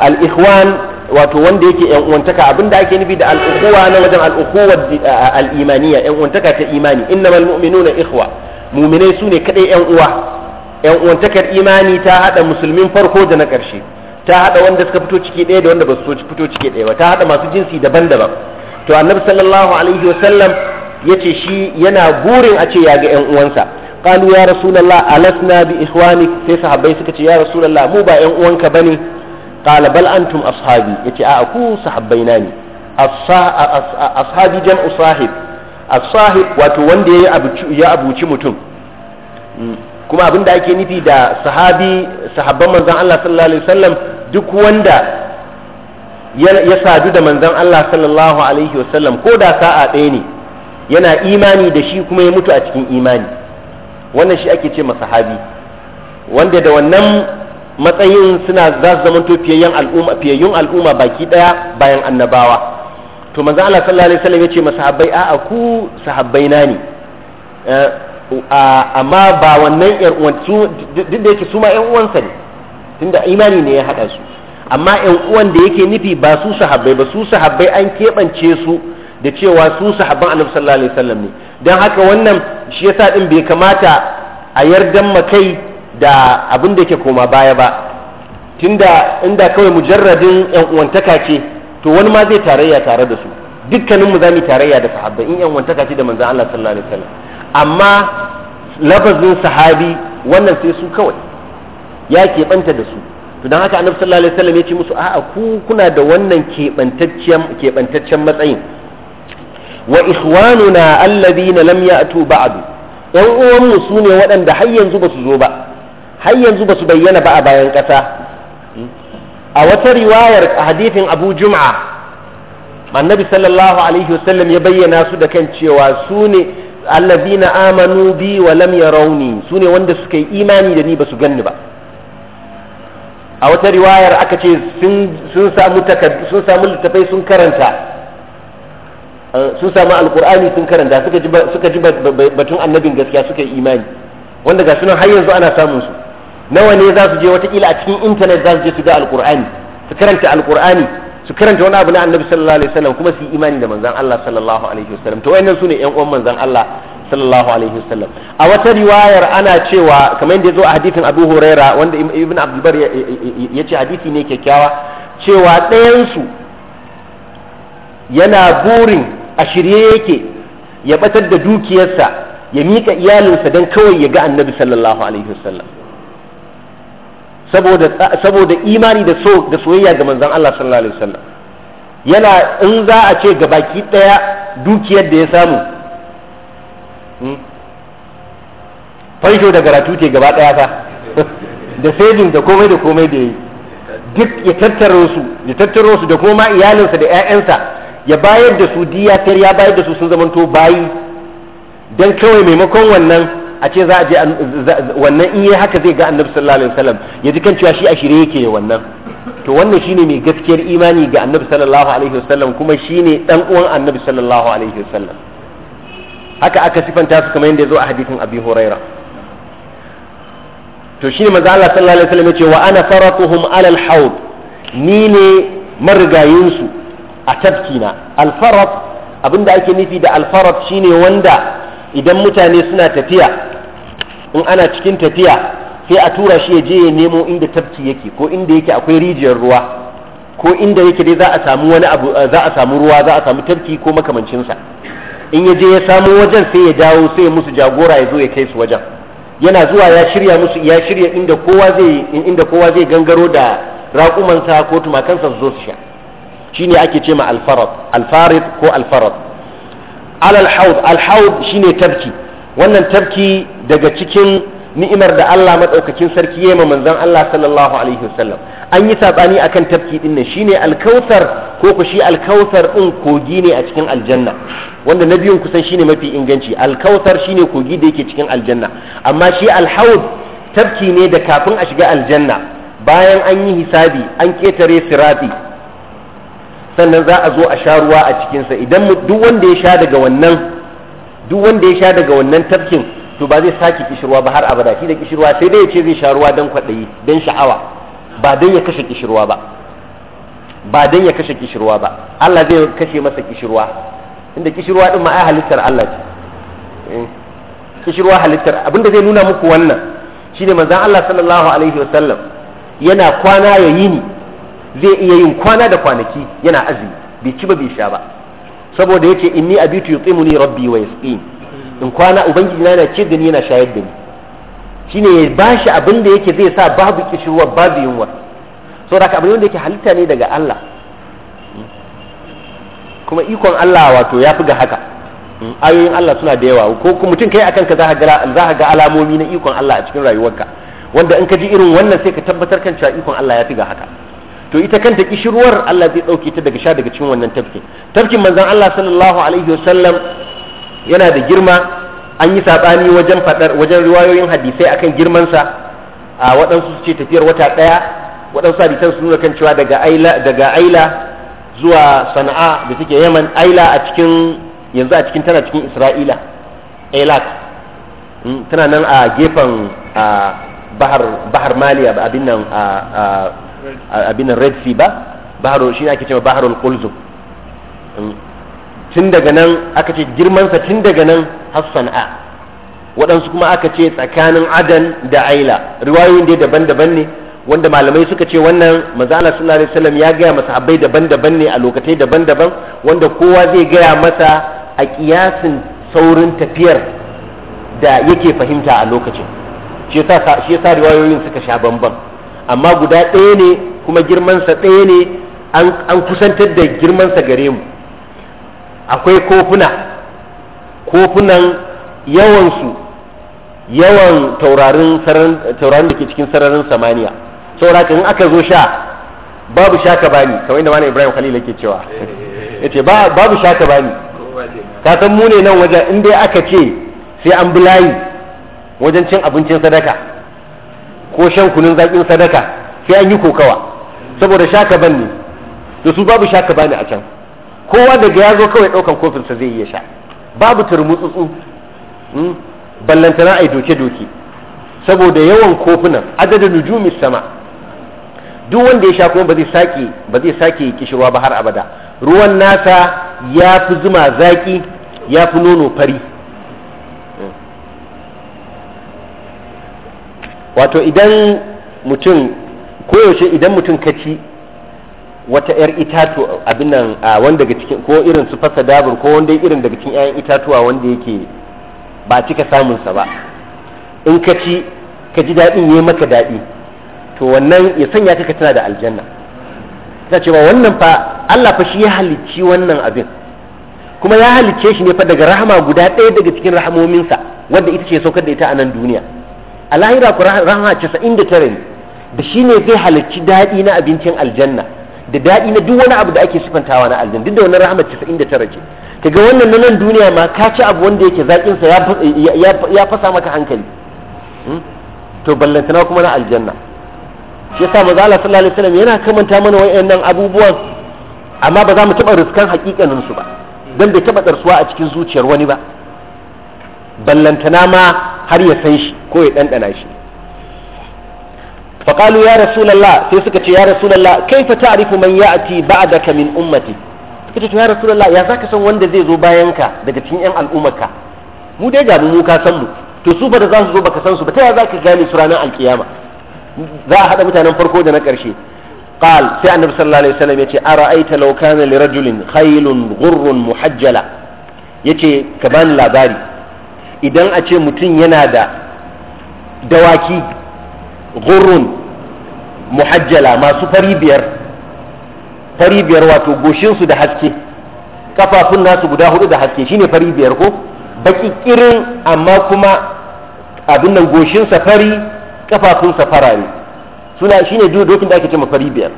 al-ikhwan wato wanda yake 'yan uwantaka abinda ake nufi da al'ukuwa na wajen al al'imaniya 'yan uwantaka ta imani innamal mu'minuna ikhwa muminai su ne kaɗai 'yan uwa 'yan uwantakar imani ta haɗa musulmin farko da na karshe, ta haɗa wanda suka fito ciki ɗaya da wanda ba su fito ciki ɗaya ba ta haɗa masu jinsi daban-daban to annabi sallallahu alaihi wa ya ce shi yana burin a ce ya ga 'yan uwansa qalu ya rasulullah alasna bi ikhwanik sai sahabbai suka ce ya rasulullah mu ba yan uwanka bane qala bal antum ashabi yace a ku na ne ashabi jam'u sahib as wato wanda ya abuci ya abuci mutum kuma abinda ake nufi da sahabi sahabban manzon Allah sallallahu alaihi wasallam duk wanda ya sadu da manzon Allah sallallahu alaihi wasallam ko da sa'a ɗaya ne yana imani da shi kuma ya mutu a cikin imani wannan shi ake ce masahabi wanda da wannan matsayin suna za su zama to al'umma fiyayyun al'umma baki daya bayan annabawa to manzo Allah sallallahu alaihi wasallam yace masahabbai a'a ku sahabbai na ne eh, amma ba wannan yar uwan su duk da yake su ma ƴan uwansa ne tunda imani ne ya hada su amma ƴan uwan da yake nufi ba su sahabbai ba su sahabbai an keɓance su da cewa su sahabban annabi sallallahu alaihi wasallam ne don haka wannan shi yasa din bai kamata a yardan makai da abin da ke koma baya ba tunda inda kawai mujarradin yan uwantaka ce to wani ma zai tarayya tare da su dukkanin mu zamu tarayya da sahabbai in yan uwantaka ce da manzon Allah sallallahu alaihi wasallam amma lafazin sahabi wannan sai su kawai ya keɓanta da su to dan haka annabi sallallahu alaihi wasallam ya ce musu a'a ku kuna da wannan keɓantaccen keɓantaccen matsayin wa ikhwanuna alladhina lam ya'tu ba'du yan uwan su ne waɗanda har yanzu basu zo ba har yanzu basu bayyana ba a bayan ƙasa a wata riwayar a hadithin abu jum'a annabi sallallahu alaihi wasallam ya bayyana su da kan cewa su ne amanu bi wa lam yarawni su ne wanda suka yi imani da ni ba su ganni ba a wata riwayar aka ce sun samu sun samu littafai sun karanta sun samu alkur'ani sun karanta suka ji batun annabin gaskiya suka yi imani wanda ga sunan har yanzu ana samun su nawa ne za su je watakila a cikin intanet za su je su ga alkur'ani su karanta alkur'ani su karanta wani abu na annabi sallallahu alaihi wasallam kuma su yi imani da manzon Allah sallallahu alaihi wasallam to wayannan sune yan uwan manzon Allah sallallahu alaihi wasallam a wata riwayar ana cewa kamar yadda ya zo a hadisin Abu Huraira wanda Ibn Abdul Bar ya ce hadisi ne kyakkyawa cewa ɗayan su yana burin a shirye yake ya batar da dukiyarsa ya mika iyalinsa don kawai ya ga annabi sallallahu alaihi wasallam saboda imani da so da soyayya ga manzon Allah sallallahu alaihi wasallam yana in za a ce ga baki daya dukiyar da ya samu hmm? fansho da garatu ke gaba daya fa da saving da komai da komai da yi duk ya tattaro su ya tattaro su da kuma iyalinsa da 'ya'yansa ya bayar da su diya ya bayar da su sun zamanto bayi dan kawai maimakon wannan a ce za a je wannan in yi haka zai ga annabi sallallahu alaihi wasallam ya ji kan cewa shi a shirye yake wannan to wannan shine mai gaskiyar imani ga annabi sallallahu alaihi wasallam kuma shine dan uwan annabi sallallahu alaihi wasallam haka aka sifanta su kamar yadda ya zo a hadisin abi huraira to shine manzo Allah sallallahu alaihi wasallam ya ce wa ana faratuhum ala al-hawd ni ne marigayinsu a tafkina alfarat abinda ake nufi da alfarat shine wanda idan mutane suna tafiya in ana cikin tafiya sai a tura shi ya je ya nemo inda tafki yake ko inda yake akwai rijiyar ruwa ko inda yake dai za a samu wani abu eh, za a samu ruwa za a samu tafki ko makamancinsa in ya je ya samu wajen sai ya dawo sai ya musu jagora ya zo ya kai su wajen yana zuwa ya shirya musu ya shirya inda kowa zai inda kowa zai gangaro da raƙumansa ko tumakansa su zo su sha shine ake ce ma alfarad alfarid ko alfarad alal alhaud al shine tabki wannan tabki daga cikin ni'imar da Allah madaukakin sarki ya ma manzon Allah sallallahu alaihi wasallam an yi sabani akan tabki din nan shine alkautsar ko ku shi alkautsar din kogi ne a cikin aljanna wanda na biyun kusan shine mafi inganci alkautsar shine kogi da yake cikin aljanna amma shi alhaud tabki ne da kafin a shiga aljanna bayan an yi hisabi an ketare sirati sannan za a zo a sha ruwa a cikinsa idan duk wanda ya sha daga wannan duk wanda ya sha daga wannan tafkin to ba zai sake kishirwa ba har abada shi da kishirwa sai dai ya ce zai sha ruwa don kwaɗayi don sha'awa ba don ya kashe kishirwa ba ba don ya kashe kishirwa ba Allah zai kashe masa kishirwa inda kishirwa din ma ai halittar Allah ce eh, kishirwa halittar abinda zai nuna muku wannan shine manzon Allah sallallahu alaihi wasallam yana kwana ya yini zai iya yin kwana da kwanaki yana azumi bai ci ba bai sha ba saboda yake inni abitu yutimuni rabbi wa yasqin in kwana ubangiji na yana ciyar ni yana shayar da ni shine ya bashi abin da yake zai sa babu kishirwa babu yunwa saboda ka abin wanda yake halitta ne daga Allah kuma ikon Allah wato ya fi ga haka ayoyin Allah suna da yawa ko mutum kai akan ka za ka ga alamomi na ikon Allah a cikin rayuwarka wanda in ka ji irin wannan sai ka tabbatar kan cewa ikon Allah ya fi ga haka to ita kanta kishirwar Allah zai dauke ta daga sha daga cikin wannan tafkin tafkin manzon Allah sallallahu alaihi wasallam yana da girma an yi sabani wajen fadar wajen riwayoyin hadisai akan girman sa a waɗansu su ce tafiyar wata ɗaya waɗansu hadisan su nuna kan cewa daga aila daga aila zuwa sana'a da take yaman aila a cikin yanzu a cikin tana cikin isra'ila eilat hmm, tana nan a gefen bahar bahar maliya abin nan a abin red sea ba baharo shi ake cewa baharul qulzum mm. tun daga nan aka ce girmansa tun daga nan har a waɗansu kuma aka ce tsakanin adan da aila riwayoyin dai daban-daban ne wanda malamai suka ce wannan manzo Allah sallallahu alaihi wasallam ya gaya masa abai daban-daban ne a lokacin daban-daban wanda kowa zai gaya masa a kiyasin saurin tafiyar da yake fahimta a lokacin shi yasa shi yasa riwayoyin suka sha bambam. amma guda ɗaya ne kuma girmansa ɗaya ne an kusantar da girmansa gare mu akwai kofuna kofunan yawansu yawan taurarin da ke cikin sararin samaniya saboda in aka zo sha babu sha ka bani kamar inda malam ibrahim khalil yake cewa yace babu sha ka bani ka san mu ne nan wajen in dai aka ce sai an bi layi wajen cin abincin sadaka ko shan kunun zaƙin sadaka sai an yi kokawa saboda shaka ban ne da su babu shaka bani a can kowa daga ya zo kawai ɗaukan kofinsa zai iya sha babu turmutsutsu hmm? ballantana ai doke-doke saboda yawan kofunan adadin nujumi sama duk wanda ya sha kuma ba zai sake ba zai sake kishirwa ba har abada ruwan nasa ya fi zuma zaƙi ya fi nono fari wato idan mutum koyaushe idan mutum ka ci wata 'yar itatuwa abin nan a wanda daga cikin ko irin su fasa dabur ko wanda irin daga cikin 'ya'yan itatuwa wanda yake ba cika samunsa ba in ka ci ka ji daɗin yi maka daɗi to wannan ya sanya ka tana da aljanna ta cewa wannan fa Allah fa shi ya halicci wannan abin kuma ya halicce shi ne fa daga rahama guda ɗaya daga cikin rahamominsa wadda ita ce saukar da ita a nan duniya a lahira ku rana casa'in da tare da shi ne zai halarci daɗi na abincin aljanna da daɗi na duk wani abu da ake sifantawa na aljanna duk da wani rahama casa'in da tara ce kaga wannan na nan duniya ma ka ci abu wanda yake zaƙinsa ya fasa maka hankali hmm? to ballantana kuma na aljanna shi yasa maza Allah sallallahu alaihi wasallam yana kamanta mana wayannan abubuwan amma ba za mu taɓa riskan haƙiƙanin su ba dan bai taɓa tsarsuwa a cikin zuciyar wani ba ballantana ma har ya san shi ko ya ɗanɗana shi faƙalu ya rasulallah sai suka ce ya rasulallah kai fa ta'rifu man ya'ti ba'daka min ummati suka ce to ya rasulallah ya zaka san wanda zai zo bayan ka daga cikin yan al'ummarka mu dai ga mu ka san mu to su ba da za su zo baka san su ba ta ya zaka gane su ranar alƙiyama za a hada mutanen farko da na ƙarshe qal sai annabi sallallahu alaihi wasallam yace ara'aita law kana lirajulin khaylun ghurrun muhajjala yace ka bani labari idan a ce mutum yana da dawaki gurun muhajjala masu fari biyar fari biyar wato goshinsu da haske kafafun nasu guda hudu da haske shine fari biyar ko baki kirin amma kuma abin nan goshinsa fari kafafunsa farare suna shine dokin da ake cewa fari biyar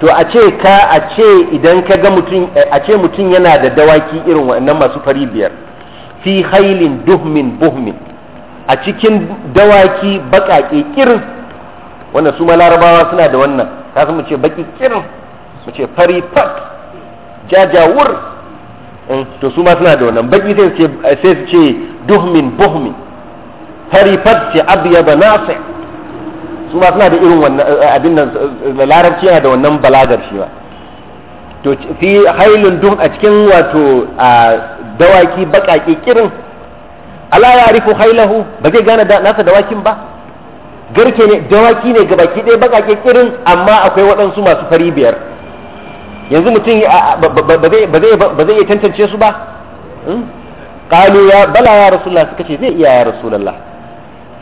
to a ce ka a ce idan ka ga mutum a ce mutum yana da dawaki irin waɗannan masu fari biyar fi khailin duhmin buhmin a cikin dawaki baƙaƙe kirin wannan su ma larabawa suna da wannan ka mu ce baƙi kirin mu ce fari fat jajawur eh, to su ma suna da wannan baƙi sai su ce duhmin buhmin fari fat ce abyaba nasi su ma suna da irin wannan eh, abin nan eh, larabci yana da wannan balagar shi ba to fi hailun duhm a cikin wato a dawaki baƙaƙe kirin ala ya rifu hailahu ba zai gane nasa dawakin ba garke ne dawaki ne gabaki ɗaya baƙaƙe kirin amma akwai waɗansu masu fari biyar yanzu mutum ba zai iya tantance su ba قالوا يا بلى يا رسول الله سكتي زي يا رسول الله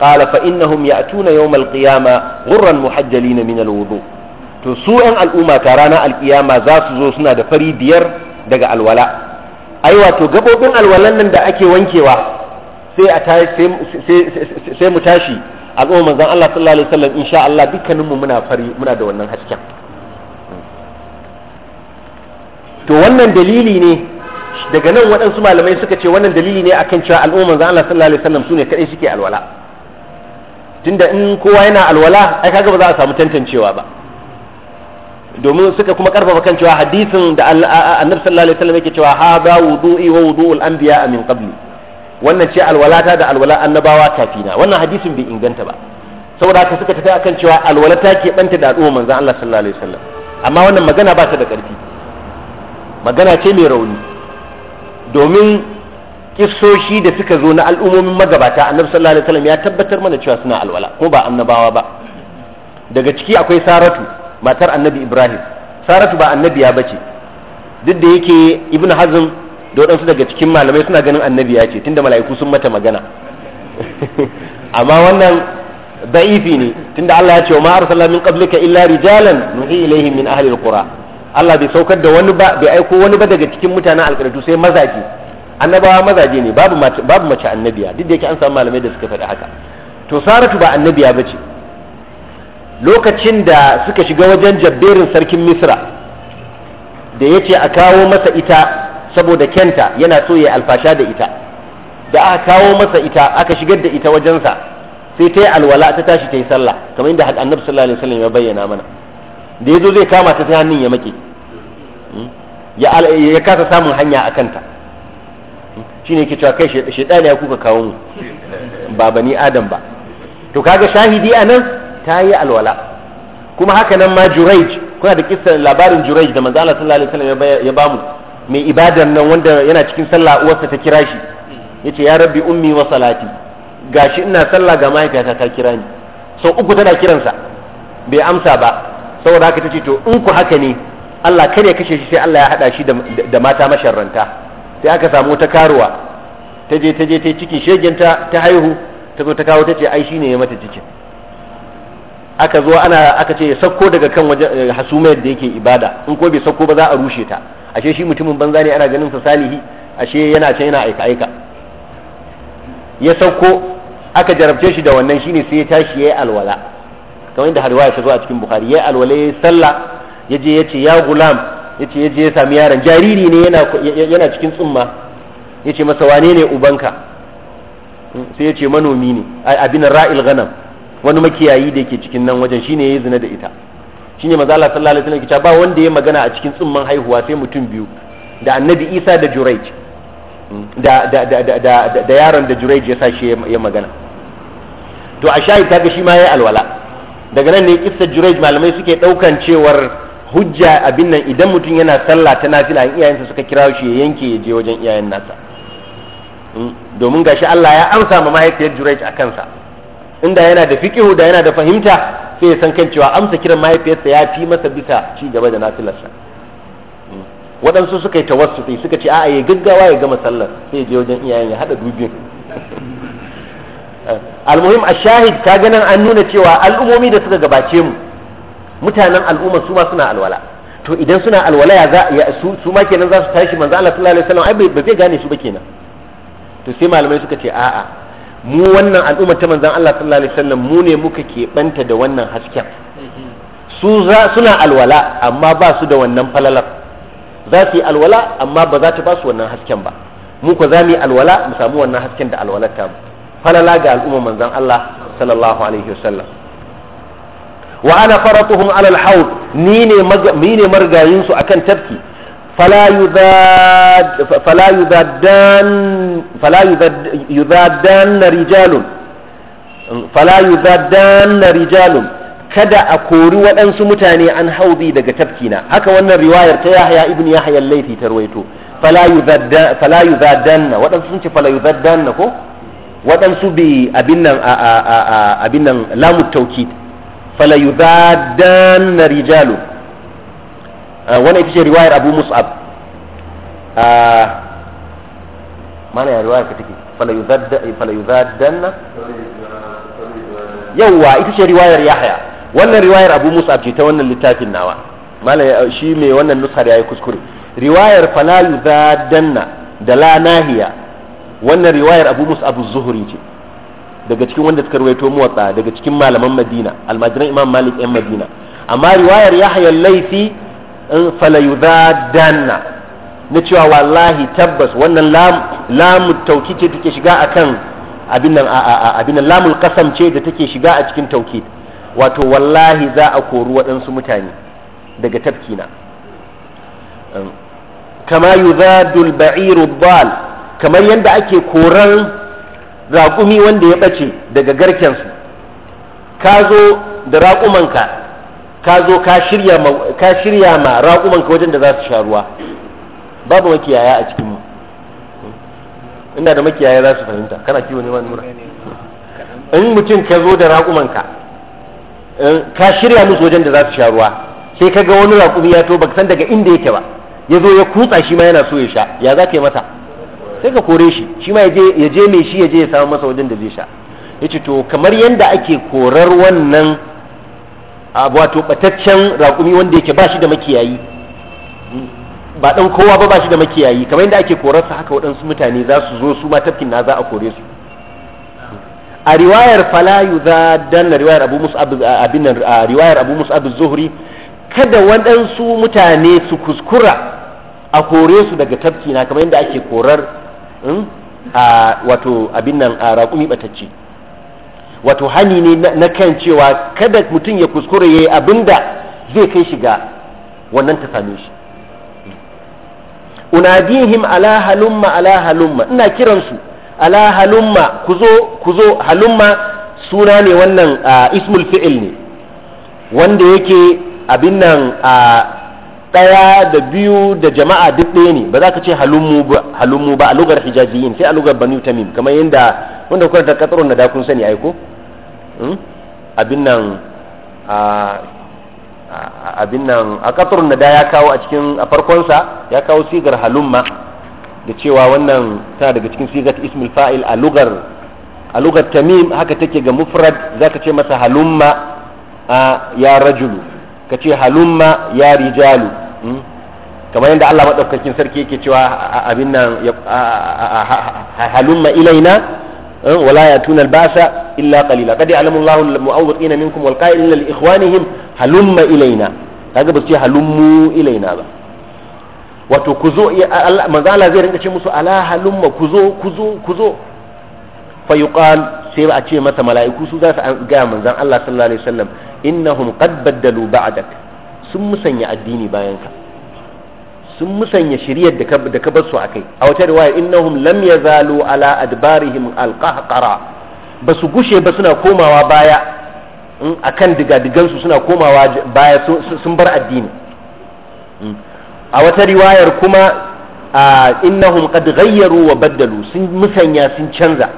قال فإنهم يأتون يوم القيامة غرا محجلين من الوضوء to su ‘yan al'umma ta rana alkiyama za su zo suna da fari biyar daga alwala ai wato gabobin alwalan nan da ake wankewa sai a sai mu tashi al'umma manzon Allah sallallahu alaihi wasallam insha Allah dukkanin mu muna fari muna da wannan hasken to wannan dalili ne daga nan waɗansu malamai suka ce wannan dalili ne akan cewa al'umma manzon Allah sallallahu alaihi wasallam sune kadai suke alwala tunda in kowa yana alwala ai kaga ba za a samu tantancewa ba domin suka kuma karfafa kan cewa hadisin da annabi sallallahu alaihi wasallam yake cewa ba wudu'i wa wudu'ul anbiya min qabli wannan ce alwalata da alwala annabawa kafina wannan hadisin bai inganta ba saboda haka suka tafi akan cewa alwala ta ke banta da al'umma manzon Allah sallallahu alaihi wasallam amma wannan magana ba ta da karfi magana ce mai rauni domin kissoshi da suka zo na al'ummomin magabata annabi sallallahu alaihi wasallam ya tabbatar mana cewa suna alwala ko ba annabawa ba daga ciki akwai saratu matar annabi ibrahim saratu ba annabiya ba ce duk da yake ibn hazm da waɗansu daga cikin malamai suna ganin annabiya ce tunda mala'iku sun mata magana amma wannan da'ifi ne tunda Allah ya ce ma arsala min qablika illa rijalan nuhi ilaihim min ahli alqura Allah bai saukar da wani ba bai aiko wani ba daga cikin mutanen alkaratu sai mazaje annabawa mazaje ne babu babu mace annabiya duk da yake an samu malamai da suka faɗi haka to saratu ba annabiya bace lokacin da suka shiga wajen jabberin sarkin misra da ya ce a kawo masa ita saboda kenta yana so ya alfasha da ita da aka kawo masa ita aka shigar da ita wajensa sai ta yi alwala ta tashi ta yi sallah kamar inda annabi sallallahu alaihi wasallam ya bayyana mana da ya zo zai kama ta ta hannun ya make hmm? ya kasa samun hanya a kanta hmm? shine yake cewa kai shaidani ya kuka kawo mu ba bani adam ba to kaga shahidi anan ta yi alwala kuma haka nan ma juraij kuna da kissa labarin jurej da manzo Allah sallallahu alaihi wasallam ya bamu mai ibadar nan wanda yana cikin sallah uwarsa ta kira shi yace ya rabbi ummi wa salati gashi ina sallah ga mahaifiyata ta kira ni sau uku tana kiransa bai amsa ba saboda haka tace to in ku haka ne Allah ya kashe shi sai Allah ya haɗa shi da mata masharranta sai aka samu wata karuwa ta je ta je ta cikin shegenta ta haihu ta zo ta kawo ta ce ai ne ya mata cikin aka zo ana aka ce ya sauko daga kan wajen eh, hasumayar da yake ibada in ko bai sauko ba za a rushe ta ashe shi mutumin banza ne ana ganin sa salihi ashe yana can yana aika aika ya sauko aka jarabce shi da wannan shine sai ya tashi yayi alwala kamar inda harwaya ta zo a cikin bukhari yayi alwala yayi sallah yaje yace ya gulam yace yaje ya sami yaron jariri ne yana yana cikin tsumma yace masa wane ne ubanka hmm, sai yace manomi ne abin ra'il ghanam wani makiyayi da yake cikin nan wajen shine yayi zina da ita shine manzo Allah sallallahu alaihi wasallam ba wanda ya magana a cikin tsumman haihuwa sai mutum biyu da annabi Isa da Juraij mm, da da da da da yaron da Juraij ya sa shi ya magana to a shayi kaga shi ma yayi alwala daga nan ne kissa Juraij malamai suke daukan cewar hujja abin nan idan mutum yana sallah ta nafila iyayensa suka kira shi ya yanke ya je wajen iyayen nasa mm, domin gashi Allah ya amsa ma mahaifiyar Juraij a kansa inda yana da fiqihu da yana da fahimta sai ya san kan cewa amsa kiran mahaifiyarsa ya fi masa bisa ci gaba da nafilarsa waɗansu suka yi tawassufi suka ce a'a ya gaggawa ya gama sallar sai ya je wajen iyayen ya haɗa dubin almuhim a shahid ka ganin an nuna cewa al'umomi da suka gabace mu mutanen al'umma su ma suna alwala to idan suna alwala ya za su su ma kenan za su tashi manzo Allah sallallahu alaihi wasallam ai ba zai gane su ba kenan to sai malamai suka ce a'a mu wannan al'ummar ta manzon Allah sallallahu alaihi wasallam mu ne muka keɓanta da wannan hasken su suna alwala amma ba su da wannan falalar za su yi alwala amma ba za ta ba su wannan hasken ba mu ko za mu yi alwala mu samu wannan hasken da alwalar ta falala ga al'ummar manzon Allah sallallahu alaihi wasallam wa ana faratuhum ala al-hawd ni ne ni ne margayin su akan tafki فلا يذادان فلا رجال فلا يذادان رجال kada a kori waɗansu mutane an haudi daga tafkina haka wannan riwayar ta yahya ibn yahya laifi ta rawaito fala yuzaddanna waɗansu sun ce fala yuzaddanna ko waɗansu bi abin nan abin nan lamu tawkid fala yuzaddanna rijalun Eh, wannan ita ce riwayar abu mus'ab eh, mana ya riwayar ka take fala yuzaddanna yawwa ita ce riwayar yahya wannan riwayar abu mus'ab ce ta wannan littafin nawa mala shi mai wannan nusar ya yi kuskure riwayar fala yuzaddanna da la nahiya wannan riwayar abu mus'ab zuhuri ce daga cikin wanda suka rawaito muwatta daga cikin malaman madina almajiran imam malik yan madina amma riwayar yahya al laifi. in falayudadanna na cewa wallahi tabbas wannan lamu tauki ce take shiga akan abin nan abin nan lamul kasam ce da take shiga a cikin tauki wato wallahi za a kori waɗansu mutane daga tafkina um, kama yuzadul ba'iru dal kamar yadda ake koran raƙumi wanda ya ɓace daga garkensu ka zo da raƙumanka ka zo ka shirya ma raƙumanka wajen da za su sha ruwa babu makiyaya a cikinmu inda da makiyaya za su fahimta kana kiwo ne nura in mutum ka zo da raƙumanka eh, ka shirya musu wajen da za su sha ruwa sai ka ga wani raƙumi ya to ba san daga inda yake ba ya zo ya kutsa shi ma yana so ya sha ya za ka yi mata sai ka kore shi shi ma ya je mai shi ya je ya samu masa wajen da zai sha ya ce to kamar yadda ake korar wannan wato bataccen raƙumi wanda yake ba shi da makiyayi ba dan kowa ba ba shi da makiyayi kamar yadda ake korarsa haka waɗansu mutane za su zo su ma tafkin na za a kore su a riwayar falayu za dan riwayar abu mus'ab abin riwayar abu mus'ab zuhri kada waɗansu mutane su kuskura a kore su daga tafki na kamar yadda ake korar hmm, a wato abin nan a raƙumi batacce wato hani ne na kan cewa kada mutum ya kuskure abin abinda zai kai shiga wannan ta same shi unadihim ala halumma ala halumma ina kiransu ala halumma kuzo zo halumma suna ne wannan ismul fi'il ne wanda yake abin nan a ɗaya da biyu da jama'a duk ɗaya ne ba za ka ce halummu ba a lugar hijaziyin sai a lugar banu tamim kamar yadda wanda kuka da katsarun na da kun sani aiko abin hmm? nan abin nan a da ya kawo a cikin a farkonsa ya kawo sigar halumma da cewa wannan tana daga cikin sigar ismul fa'il a lugar a lugar tamim haka take ga mufrad za ka ce masa halumma ya rajulu ka ce halumma ya rijalu hmm? kamar yadda Allah maɗaukakin sarki yake cewa abin nan halumma ilaina Eh, wala yatuna albasa illa qalila qad ya'lamu Allahu almu'awwiqin minkum wal qa'ilina li ikhwanihim halumma ilaina kaga ba su ce halummu ilaina ba wato ku zo manzo Allah zai rinka ce musu ala halumma ku zo ku zo ku zo fa yuqal sai a ce masa mala'iku su za su ga manzon Allah sallallahu alaihi wasallam innahum qad baddalu ba'dak sun musanya addini bayan ka sun musanya shiryar da ka bar su akai a wata riwaya innahum lam yazalu ala adbarihim alqahqara ba su gushe ba suna komawa baya akan digadigan su suna komawa baya sun bar addini hmm. a wata riwayar kuma innahum qad ghayyaru wa baddalu sun musanya sun canza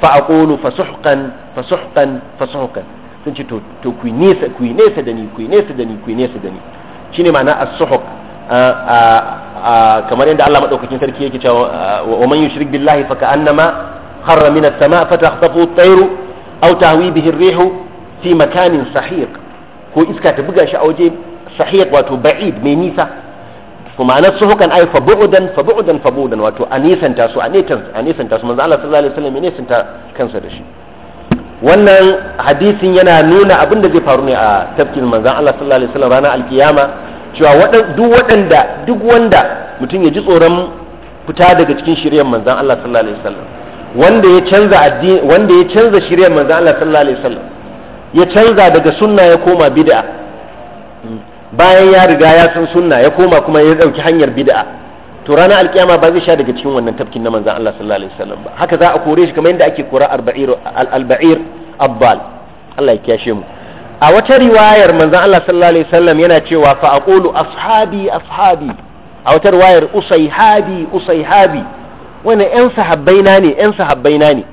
fa aqulu fasuhqan fasuhqan fasuhqan sun ce to ku nesa ku nesa da ni ku nesa da ni ku nesa da ni shine ma'ana as-suhq kamar yadda Allah madaukakin sarki yake cewa wa man yushrik billahi fa ka'annama kharra min as-sama' fa takhtafu at-tayru aw tahwi bihi ar-rihu fi makanin sahiq ko iska ta buga shi a waje sahiq wato ba'id mai nisa kuma na hukan ay fa bu'dan fa bu'dan fa bu'dan wato a su a nisanta su manzo Allah sallallahu alaihi wasallam ya ta kansa da shi wannan hadisin yana nuna abin da zai faru ne a tafkin manzon Allah sallallahu alaihi wasallam ranar alkiyama cewa duk waɗanda duk wanda mutum ya ji tsoron fita daga cikin shiryar manzan Allah sallallahu alaihi wasallam wanda ya canza addini wanda ya canza shiryar manzan Allah sallallahu alaihi wasallam ya canza daga sunna ya koma bid'a bayan ya riga ya san sunna ya koma kuma ya dauki hanyar bid'a to ranar alkiyama ba zai sha daga cikin wannan tafkin na manzan Allah sallallahu alaihi wasallam ba haka za a kore shi kamar yadda ake kora al-ba'ir abbal Allah ya kiyashe mu a wata riwayar manzon Allah sallallahu alaihi wasallam yana cewa fa aqulu ashabi ashabi a wata riwayar usaihabi usaihabi wani yan sahabbaina ne yan sahabbaina ne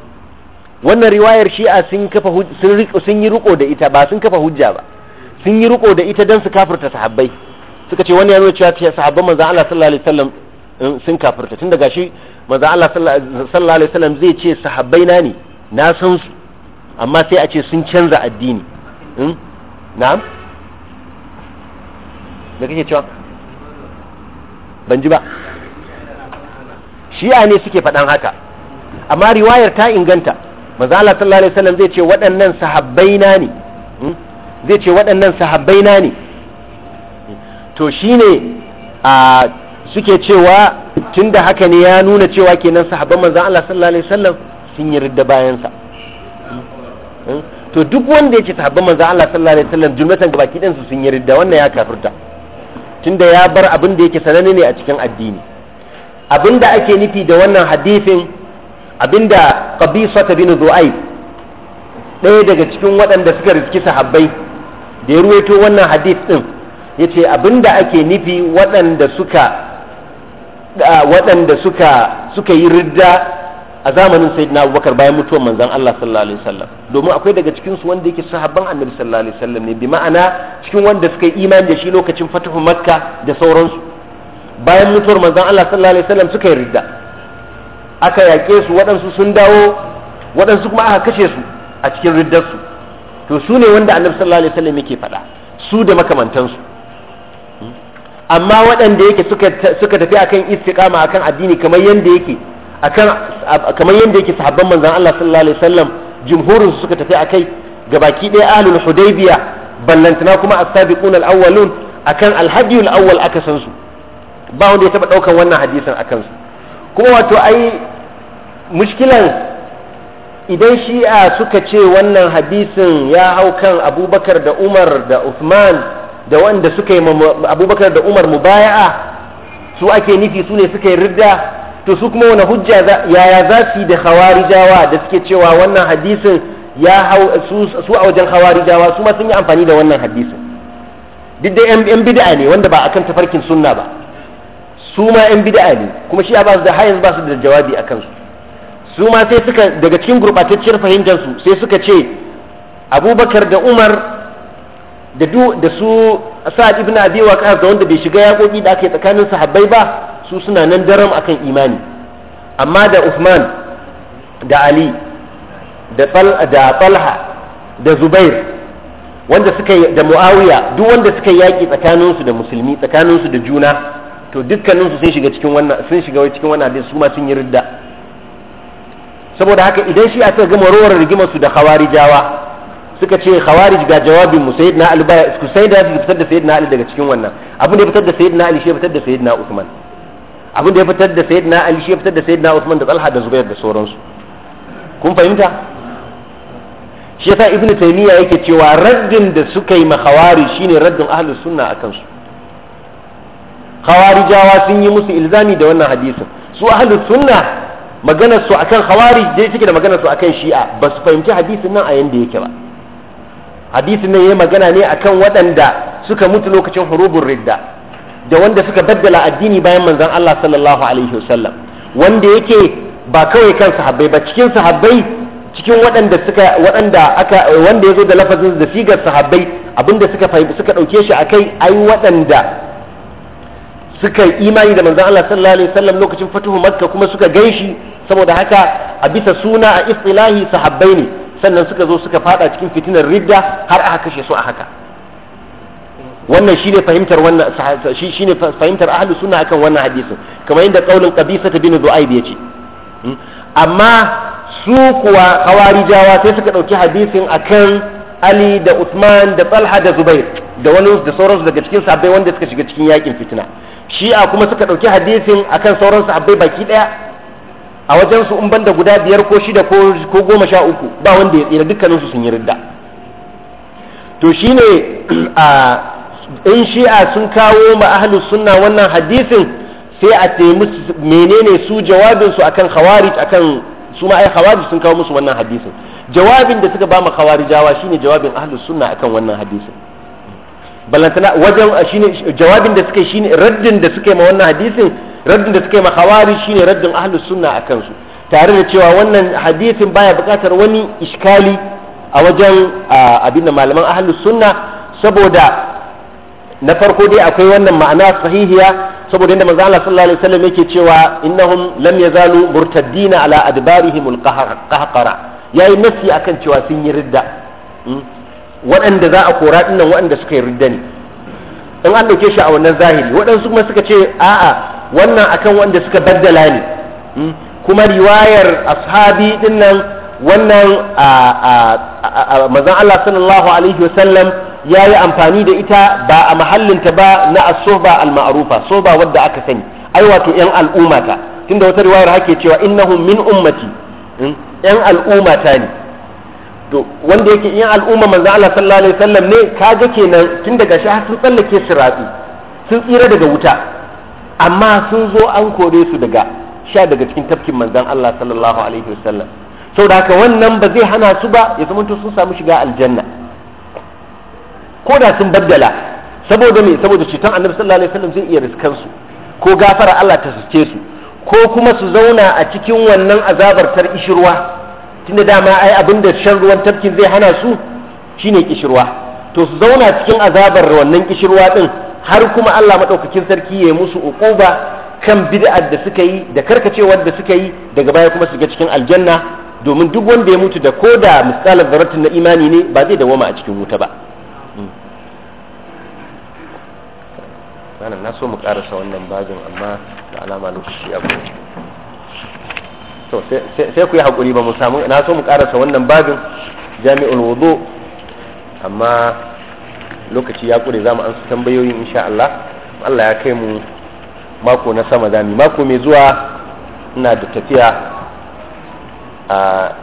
wannan riwayar shi'a sun kafa sun yi riko da ita ba sun kafa hujja ba sun yi riko da ita don su kafirta sahabbai suka ce wani ya nuna cewa sahabban manzon Allah sallallahu alaihi wasallam um, sun kafirta tun daga shi manzon Allah sallallahu alaihi wasallam zai ce sahabbai na ne na san su amma sai a ce sun canza addini in hm? na'am da kake cewa ban ji ba shi'a ne suke faɗan haka amma riwayar ta inganta manzo Allah sallallahu alaihi wasallam zai ce waɗannan sahabbaina ne hm? zai ce waɗannan sahabbaina ne to shine a suke cewa tun da haka ne ya nuna cewa kenan sahabban manzo Allah sallallahu alaihi wasallam sun yi ridda bayansa hm? to duk wanda ya ce manzo Allah sallallahu alaihi wasallam jumlatan gabaki su sun yi ridda wannan ya kafirta tunda ya bar abin da yake sananne ne a cikin addini abin da ake nufi da wannan hadisin abinda da qabisa ta bin zu'aib ɗaya daga cikin waɗanda suka riski sahabbai da ya ruwaito wannan hadis din yace ce abin ake nufi waɗanda suka waɗanda suka suka yi ridda a zamanin sayyidina abubakar bayan mutuwar manzon Allah sallallahu alaihi wasallam domin akwai daga cikin su wanda yake sahabban annabi sallallahu alaihi wasallam ne bi ma'ana cikin wanda suka yi imani da shi lokacin fatahu makka da sauransu bayan mutuwar manzon Allah sallallahu alaihi wasallam suka yi ridda aka yaƙe su waɗansu sun dawo waɗansu kuma aka kashe su a cikin riddarsu to su ne wanda annabi sallallahu alaihi wasallam yake faɗa su da makamantansu amma waɗanda yake suka tafi akan istiqama akan addini kamar yanda yake akan kamar yadda yake sahabban manzon Allah sallallahu alaihi wasallam jumhurin su suka tafi akai gabaki ɗaya ahlul hudaybiya ballantana kuma as-sabiqun al-awwalun akan al al-awwal aka san su ba wanda ya taba daukan wannan hadisin akan su kuma wato ai mushkilan idan shi'a suka ce wannan hadisin ya hau kan abubakar da umar da uthman da wanda suka yi abubakar da umar mubaya'a su ake nufi su ne suka yi ridda to su kuma wani hujja yaya za su yi da khawarijawa da suke cewa wannan hadisin ya hau su a wajen khawarijawa su ma sun yi amfani da wannan hadisin duk da yan bid'a ne wanda ba akan tafarkin sunna ba su ma yan bid'a ne kuma shi ba su da hayan ba su da jawabi akan su su ma sai suka daga cikin gurbatacciyar fahimtar su sai suka ce abubakar da umar da duk da su sa'ad ibn abi waqas da wanda bai shiga yakoki da aka yi tsakanin sahabbai ba su suna nan daram akan imani amma da Uthman da Ali da da Talha da Zubair wanda suka da Muawiya duk wanda suka yaki tsakanin su da musulmi tsakanin su da juna to dukkanin su sun shiga cikin wannan sun shiga cikin wannan hadisi su ma sun yi ridda saboda haka idan shi aka gama rawar rigimar su da khawarijawa suka ce khawarij ga jawabin mu sayyidina ali sai da ali fitar da sayyidina ali daga cikin wannan abin da ya fitar da sayyidina ali shi ya fitar da sayyidina usman abin da ya fitar da sayyidina ali shi ya fitar da sayyidina usman da talha da zubair da sauransu kun fahimta shi yasa ibn taymiya yake cewa raddin da suka yi ma khawari shine raddin ahlus sunna akan su khawarijawa sun yi musu ilzami da wannan hadisin su ahlus sunna maganar su akan khawarij dai take da maganar su akan shi'a ba su fahimci hadisin nan a yanda yake ba hadisin nan yayi magana ne akan waɗanda suka mutu lokacin hurubun ridda da wanda suka baddala addini bayan manzon Allah sallallahu alaihi wasallam wanda yake ba kawai kan sahabbai ba cikin sahabbai cikin waɗanda suka waɗanda aka wanda yazo da lafazin da sigar sahabbai abinda suka suka dauke shi akai ai waɗanda suka imani da manzon Allah sallallahu alaihi wasallam lokacin fatuhu makka kuma suka gaishi saboda haka a bisa suna a istilahi sahabbai ne sannan suka zo suka fada cikin fitinar ridda har aka kashe su a haka wannan shine fahimtar wannan shi shine fahimtar ahlus sunna akan wannan hadisin kamar yadda qaulin qabisa ta bin du'aib yace hmm? amma su kuwa hawarijawa sai suka dauki hadisin akan Ali da Uthman da Talha da Zubair da wani da sauransu daga cikin sahabbai wanda suka shiga cikin yakin fitina shi'a kuma suka dauki hadisin akan sauran sahabbai baki daya a wajen su in banda guda biyar ko shida ko goma sha uku ba wanda ya tsira dukkanin su sun yi ridda to shine a in shi'a sun kawo ma ahlus sunna wannan hadisin sai a musu menene su jawabin su akan khawarij akan su ma ai khawarij sun kawo musu wannan hadisin jawabin da suka ba mu khawarijawa shine jawabin ahlus sunna akan wannan hadisin balantana wajen shine jawabin da suka shine raddin da suka yi ma wannan hadisin raddin da suka yi mahawari shine raddin ahlus sunna a kansu tare da cewa wannan hadisin baya bukatar wani iskali a wajen abin da malaman ahlus sunna saboda na farko dai akwai wannan ma'ana sahihiya saboda inda manzo Allah sallallahu alaihi wasallam yake cewa innahum lam yazalu murtaddina ala adbarihim alqahqara yayi nasi akan cewa sun yi ridda hmm? waɗanda za a kora dinnan waɗanda suka yi ridda ne in an dauke shi a wannan zahiri waɗansu kuma suka ce a'a wannan akan wanda suka baddala ne hmm? kuma riwayar ashabi din nan wannan manzon Allah sallallahu alaihi wasallam ya yi amfani da ita ba a mahallinta ba na asuba al-ma'rufa soba wadda aka sani ai wato yan al'ummata tunda wata riwayar hake cewa innahum min ummati hmm? yan ta ne to wanda yake yan al'umma manzo Allah sallallahu alaihi wasallam ne kaga kenan tun daga shi har sun tsallake sirati sun tsira daga wuta amma sun zo an kore su daga sha daga cikin tafkin manzan Allah sallallahu alaihi wasallam saboda haka wannan ba zai hana su ba ya zama sun samu shiga aljanna ko da sun baddala saboda me saboda cutan annabi sallallahu alaihi wasallam zai iya riskan su ko gafara Allah ta suce su ko kuma su zauna a cikin wannan azabar tar ishirwa tunda dama ai abin da shan ruwan tafkin zai hana su shine kishirwa to su zauna cikin azabar wannan kishirwa din har kuma Allah maɗaukakin sarki ya yi musu uquba kan bid'ar da suka yi da karkacewar da suka yi daga baya kuma su ga cikin aljanna domin duk wanda ya mutu da koda misalan zaratin na imani ne ba zai dawoma a cikin wuta ba hmm. na so mu karasa wannan bajin amma da alama lokaci abu to sai ku yi hakuri ba mu samu na so mu karasa wannan bajin jami'ul wudu amma lokaci ya kure zamu ansa tambayoyin insha Allah Allah ya kai mu mako na sama zami mako mai zuwa ina da tafiya a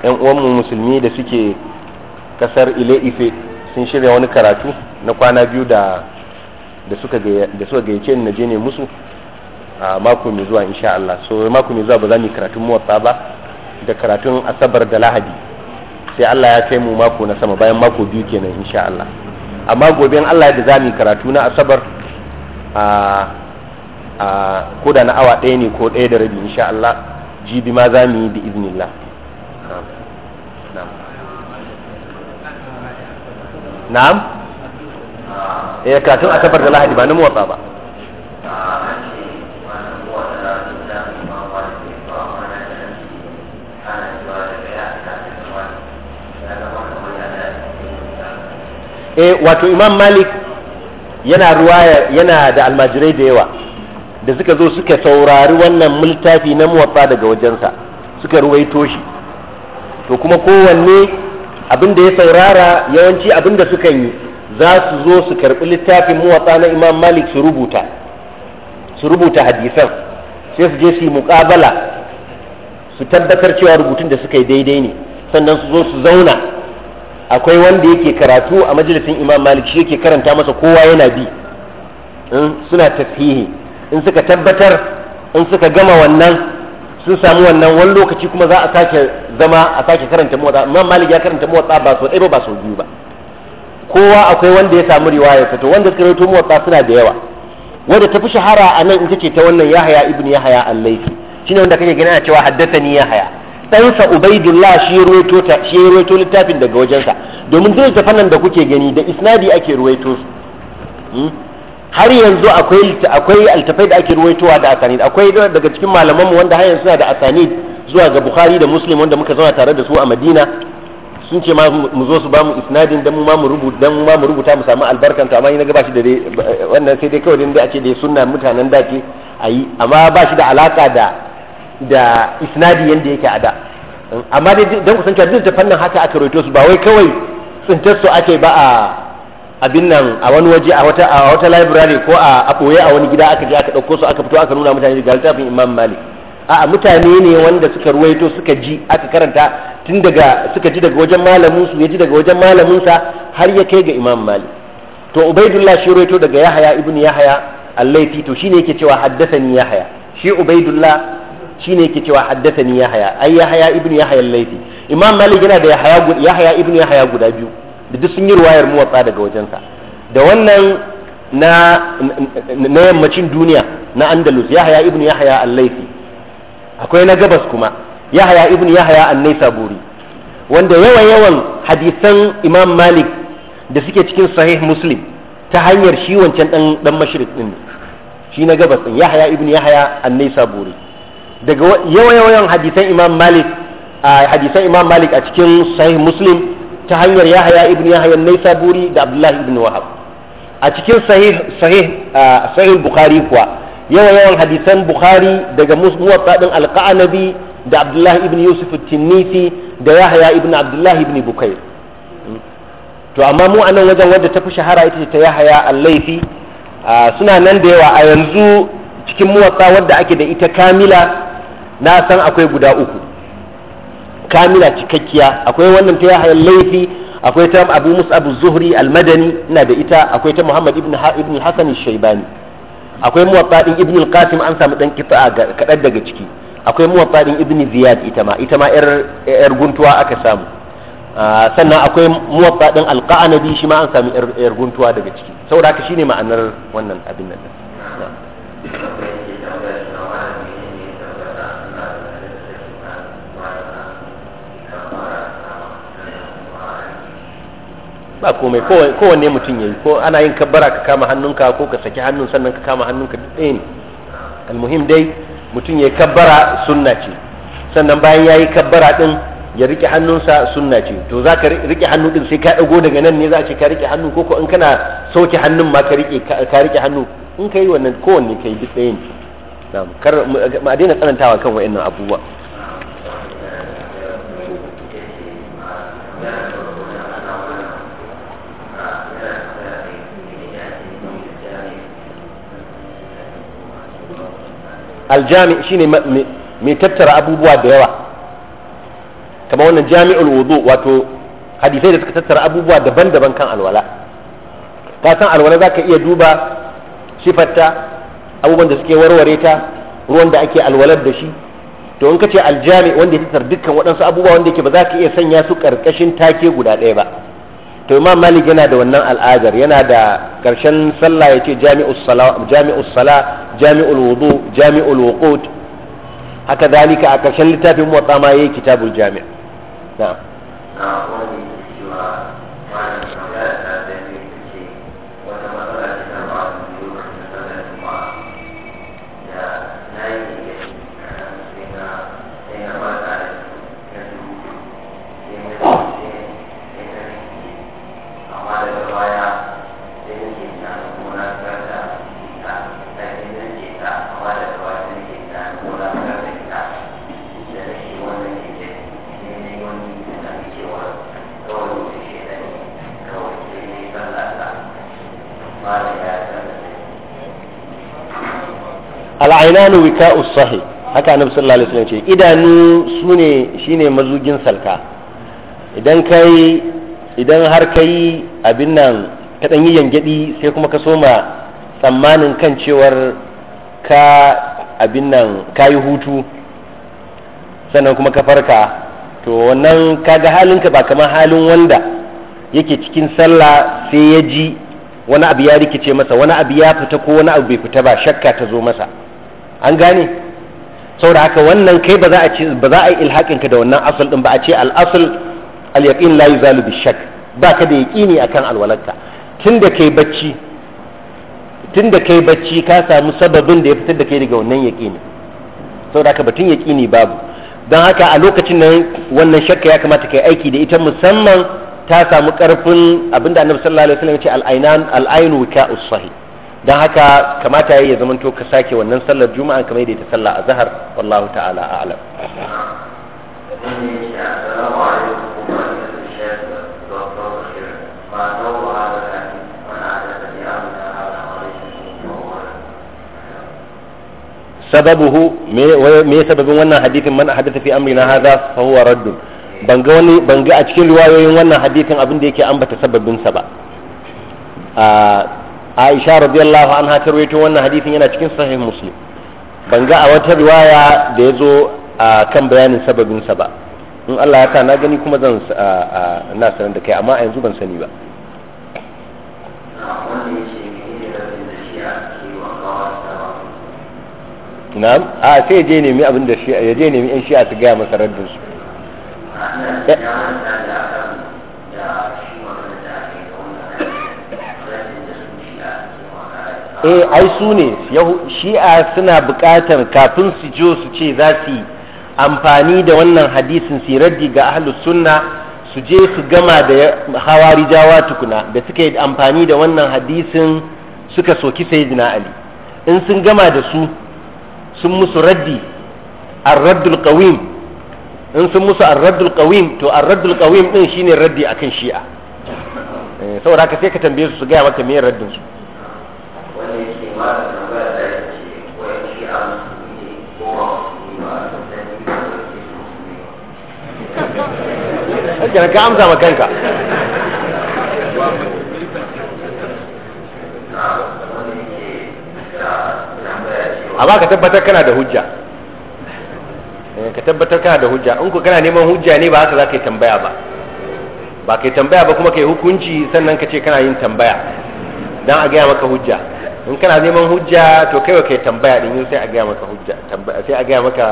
yan uwanmu musulmi da suke kasar ile ife sun shirya wani karatu na kwana biyu da da suka da suka gayyace ni je ne musu a mako mai zuwa insha Allah so mako mai zuwa ba za mu karatun muwatsa ba da karatun asabar da lahadi sai Allah ya kai mu mako na sama bayan mako biyu kenan insha Allah amma gobe in Allah da zamu karatu na asabar a a ko da na awa ɗaya ne ko ɗaya da rabi insha Allah jibi ma zamu yi bi iznillah na'am eh karatun asabar da lahadi ba na motsa ba e wato imam malik yana ruwaya yana da almajirai da yawa da suka zo suka saurari wannan multafi na muwaffa daga wajensa suka ruwaito shi to kuma kowanne abin da ya saurara yawanci abin da suka yi za su zo su karɓi littafin muwatsa na imam malik su rubuta su rubuta hadisan sai su je su yi muƙabala su tabbatar cewa rubutun da suka yi daidai ne sannan su zo su zauna akwai wanda yake karatu a majalisin imam malik shi yake karanta masa kowa yana bi in suna tashihi in suka tabbatar in suka gama wannan sun samu wannan wani lokaci kuma za a sake zama a sake karanta muwatsa imam malik ya karanta muwatsa ba sau ɗaya ba so sau biyu ba kowa akwai wanda ya samu ta to wanda suka rawaito muwatsa suna da yawa wanda tafi shahara a nan ita ce ta wannan yahaya ibnu yahaya al-laifi shine wanda kake gani a cewa haddathani yahaya ɗansa ubaidullah shi ya ruwaito ta shi ya ruwaito littafin daga wajensa domin duk littafan nan da kuke gani da isnadi ake ruwaito su hmm? har yanzu akwai akwai altafai da ake ruwaitowa da asanid akwai daga cikin malaman mu wanda har yanzu suna da asanid zuwa ga bukhari da muslim wanda muka zauna tare da su a madina sun ce ma mu zo su ba mu isnadin dan mu ma mu rubuta dan mu ma mu rubuta mu samu albarkan to amma ina ga bashi da dai wannan sai dai kawai dai a ce dai sunna mutanen da ke ayi amma ba shi da alaka da da isnadi yanda yake a da amma dai don kusan cewa duk da fannin haka aka roito su ba wai kawai tsintar su ake ba a abin nan a wani waje a wata a wata library ko a a koye a wani gida aka je aka dauko su aka fito aka nuna mutane ga littafin Imam Malik a'a mutane ne wanda suka ruwaito suka ji aka karanta tun daga suka ji daga wajen malamin su ya ji daga wajen malamin sa har ya kai ga Imam Malik to Ubaidullah shi ruwaito daga Yahaya ibn Yahaya allah ya to shine yake cewa haddasa ni Yahaya shi Ubaidullah shine yake cewa haddathani yahya ai yahya ibnu yahya al-laythi imam malik yana da yahya yahya ibnu yahya guda biyu da duk sun yi riwayar muwatta daga wajensa da wannan na na yammacin duniya na andalus yahya ibnu yahya al-laythi akwai na gabas kuma yahya ibnu yahya an-naisaburi wanda yawan yawan hadisan imam malik da suke cikin sahih muslim ta hanyar shi wancan dan dan mashrik din shi na gabas din yahaya ibnu yahaya an-naisaburi daga yawayawayan hadisan imam malik a hadisan imam malik a cikin sahih muslim ta hanyar yahaya ibn yahaya naisaburi da abdullahi ibn wahab a cikin sahih sahih sahih bukhari kuwa yawayawan hadisan bukhari daga muwatta din alqanabi da abdullahi ibn yusuf tinnisi da yahaya ibn abdullahi ibn bukair to amma mu anan wajen wadda ta fi shahara ita ce ta yahaya al-laifi suna nan da yawa a yanzu cikin muwatta wadda ake da ita kamila na san akwai guda uku kamila cikakkiya akwai wannan ta yahya laifi akwai ta abu abu zuhri almadani madani ina da ita akwai ta muhammad ibn ibn hasan shaibani akwai muwatta din ibn alqasim an samu dan kitsa kadan daga ciki akwai muwatta din ibn ziyad ita ma ita ma yar yar guntuwa aka samu ah, sannan akwai muwatta din al shi ma an samu yar guntuwa daga ciki saboda haka shine ma'anar wannan abin nan ba komai kowanne mutum ya yi ko ana yin kabbara ka kama hannunka ko ka saki hannun sannan ka kama hannunka duk ɗaya ne almuhim dai mutum ya yi kabbara sunna ce sannan bayan ya yi kabbara ɗin ya rike hannunsa sunna ce to za ka rike hannu ɗin sai ka ɗago daga nan ne za a ce ka rike hannu ko ko in kana sauke hannun ma ka rike ka rike hannu in ka yi wannan kowanne ka yi duk ɗaya ne kar a daina tsanantawa kan wa'annan abubuwa aljami shine mai tattara abubuwa da yawa kamar wannan jami'ul wudu wato hadisai da suka tattara abubuwa daban-daban kan alwala ka san alwala zaka iya duba sifarta abubuwan da suke warware ta ruwan da ake alwalar da shi to in ka ce aljami wanda ya tattara dukkan waɗansu abubuwa wanda yake ba za ka iya sanya su ƙarƙashin take guda ɗaya ba to imam malik yana da wannan al'adar yana da karshen sallah ya ce jami'us sala jami'ul wudu jami'ul wuqut haka zalika a karshen littafin muwatta ma yayi kitabul jami' na'am al'ainanu wika usahi haka annabi sallallahu alaihi wasallam ce idanu sune shine mazugin salka idan kai idan har kai abin nan ka dan yi yangadi sai kuma ka soma tsammanin kan cewar ka abin nan kayi hutu sannan kuma ka farka to wannan kaga halinka ba kamar halin wanda yake cikin sallah sai ya ji wani abu ya rikice masa wani abu ya fita ko wani abu bai fita ba shakka ta zo masa an gane saboda haka wannan kai ba za a ce ba za a yi ilhakin ka da wannan asal din ba a ce al asal al yaqin la yuzalu bi shak ba ka da yaqini akan alwalarka tunda kai bacci tunda kai bacci ka samu sababin da ya fitar da kai daga wannan yaqini saboda haka batun yaqini babu don haka a lokacin nan wannan shakka ya kamata kai aiki da ita musamman ta samu karfin abinda annabi sallallahu alaihi wasallam ya ce al-ainan al-ainu wika'us sahih don haka kamata ya yi zama to ka sake wannan sallar juma'a kamar yadda ta sallah a zahar wallahu ta'ala a alam sababuhu me sababin wannan hadithin man hadatha fi amrina hadha fa huwa radd ban ga wani ban ga a cikin riwayoyin wannan hadithin abin da yake ambata sababin sa ba ah, aisha radiyallahu anha ta rawaito wannan hadisin yana cikin sahih muslim ban ga a wata riwaya da ya zo a kan bayanin sababin sa ba in Allah ya sa na gani kuma zan na sanar da kai amma a yanzu ban sani ba na'am a sai ya je nemi abin da shi ya je nemi yan shi'a su gaya masa raddin su eh. e ai su ne shi'a suna buƙatar kafin su jo su ce za su yi amfani da wannan hadisin su raddi ga ahlus sunna su je su gama da hawari jawa tukuna da suka yi amfani da wannan hadisin suka soki sayyidina ali in sun gama da su sun musu raddi ar-raddul qawim in sun musu ar-raddul qawim to ar-raddul qawim din shine raddi akan shi'a eh, saboda haka sai ka tambaye su su gaya maka me raddin su kenan ka amsa ma kanka ba ka tabbatar kana da hujja eh, ka tabbatar kana da hujja in ku kana neman hujja ne ba haka za ka yi tambaya ba ba ka yi tambaya ba kuma ka yi hukunci sannan ka ce kana yin tambaya don a gaya maka hujja in kana neman hujja to kai wa kai tambaya din sai a gaya maka hujja tambaya sai a gaya maka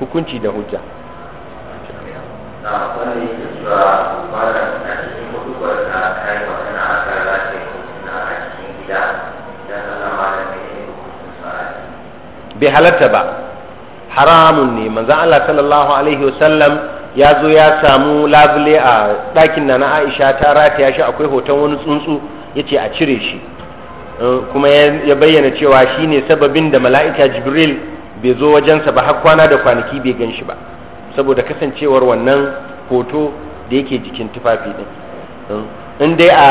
hukunci da hujja bai halatta ba haramun ne manzan Allah sallallahu alaihi wasallam ya zo ya samu labule a ɗakin na na Aisha ta rataya shi akwai hoton wani tsuntsu ya ce a cire shi kuma ya bayyana cewa shi ne sababin da mala'ika jibril bai zo wajensa ba har kwana da kwanaki bai gan shi ba saboda kasancewar wannan hoto da yake jikin tufafi ɗin in dai a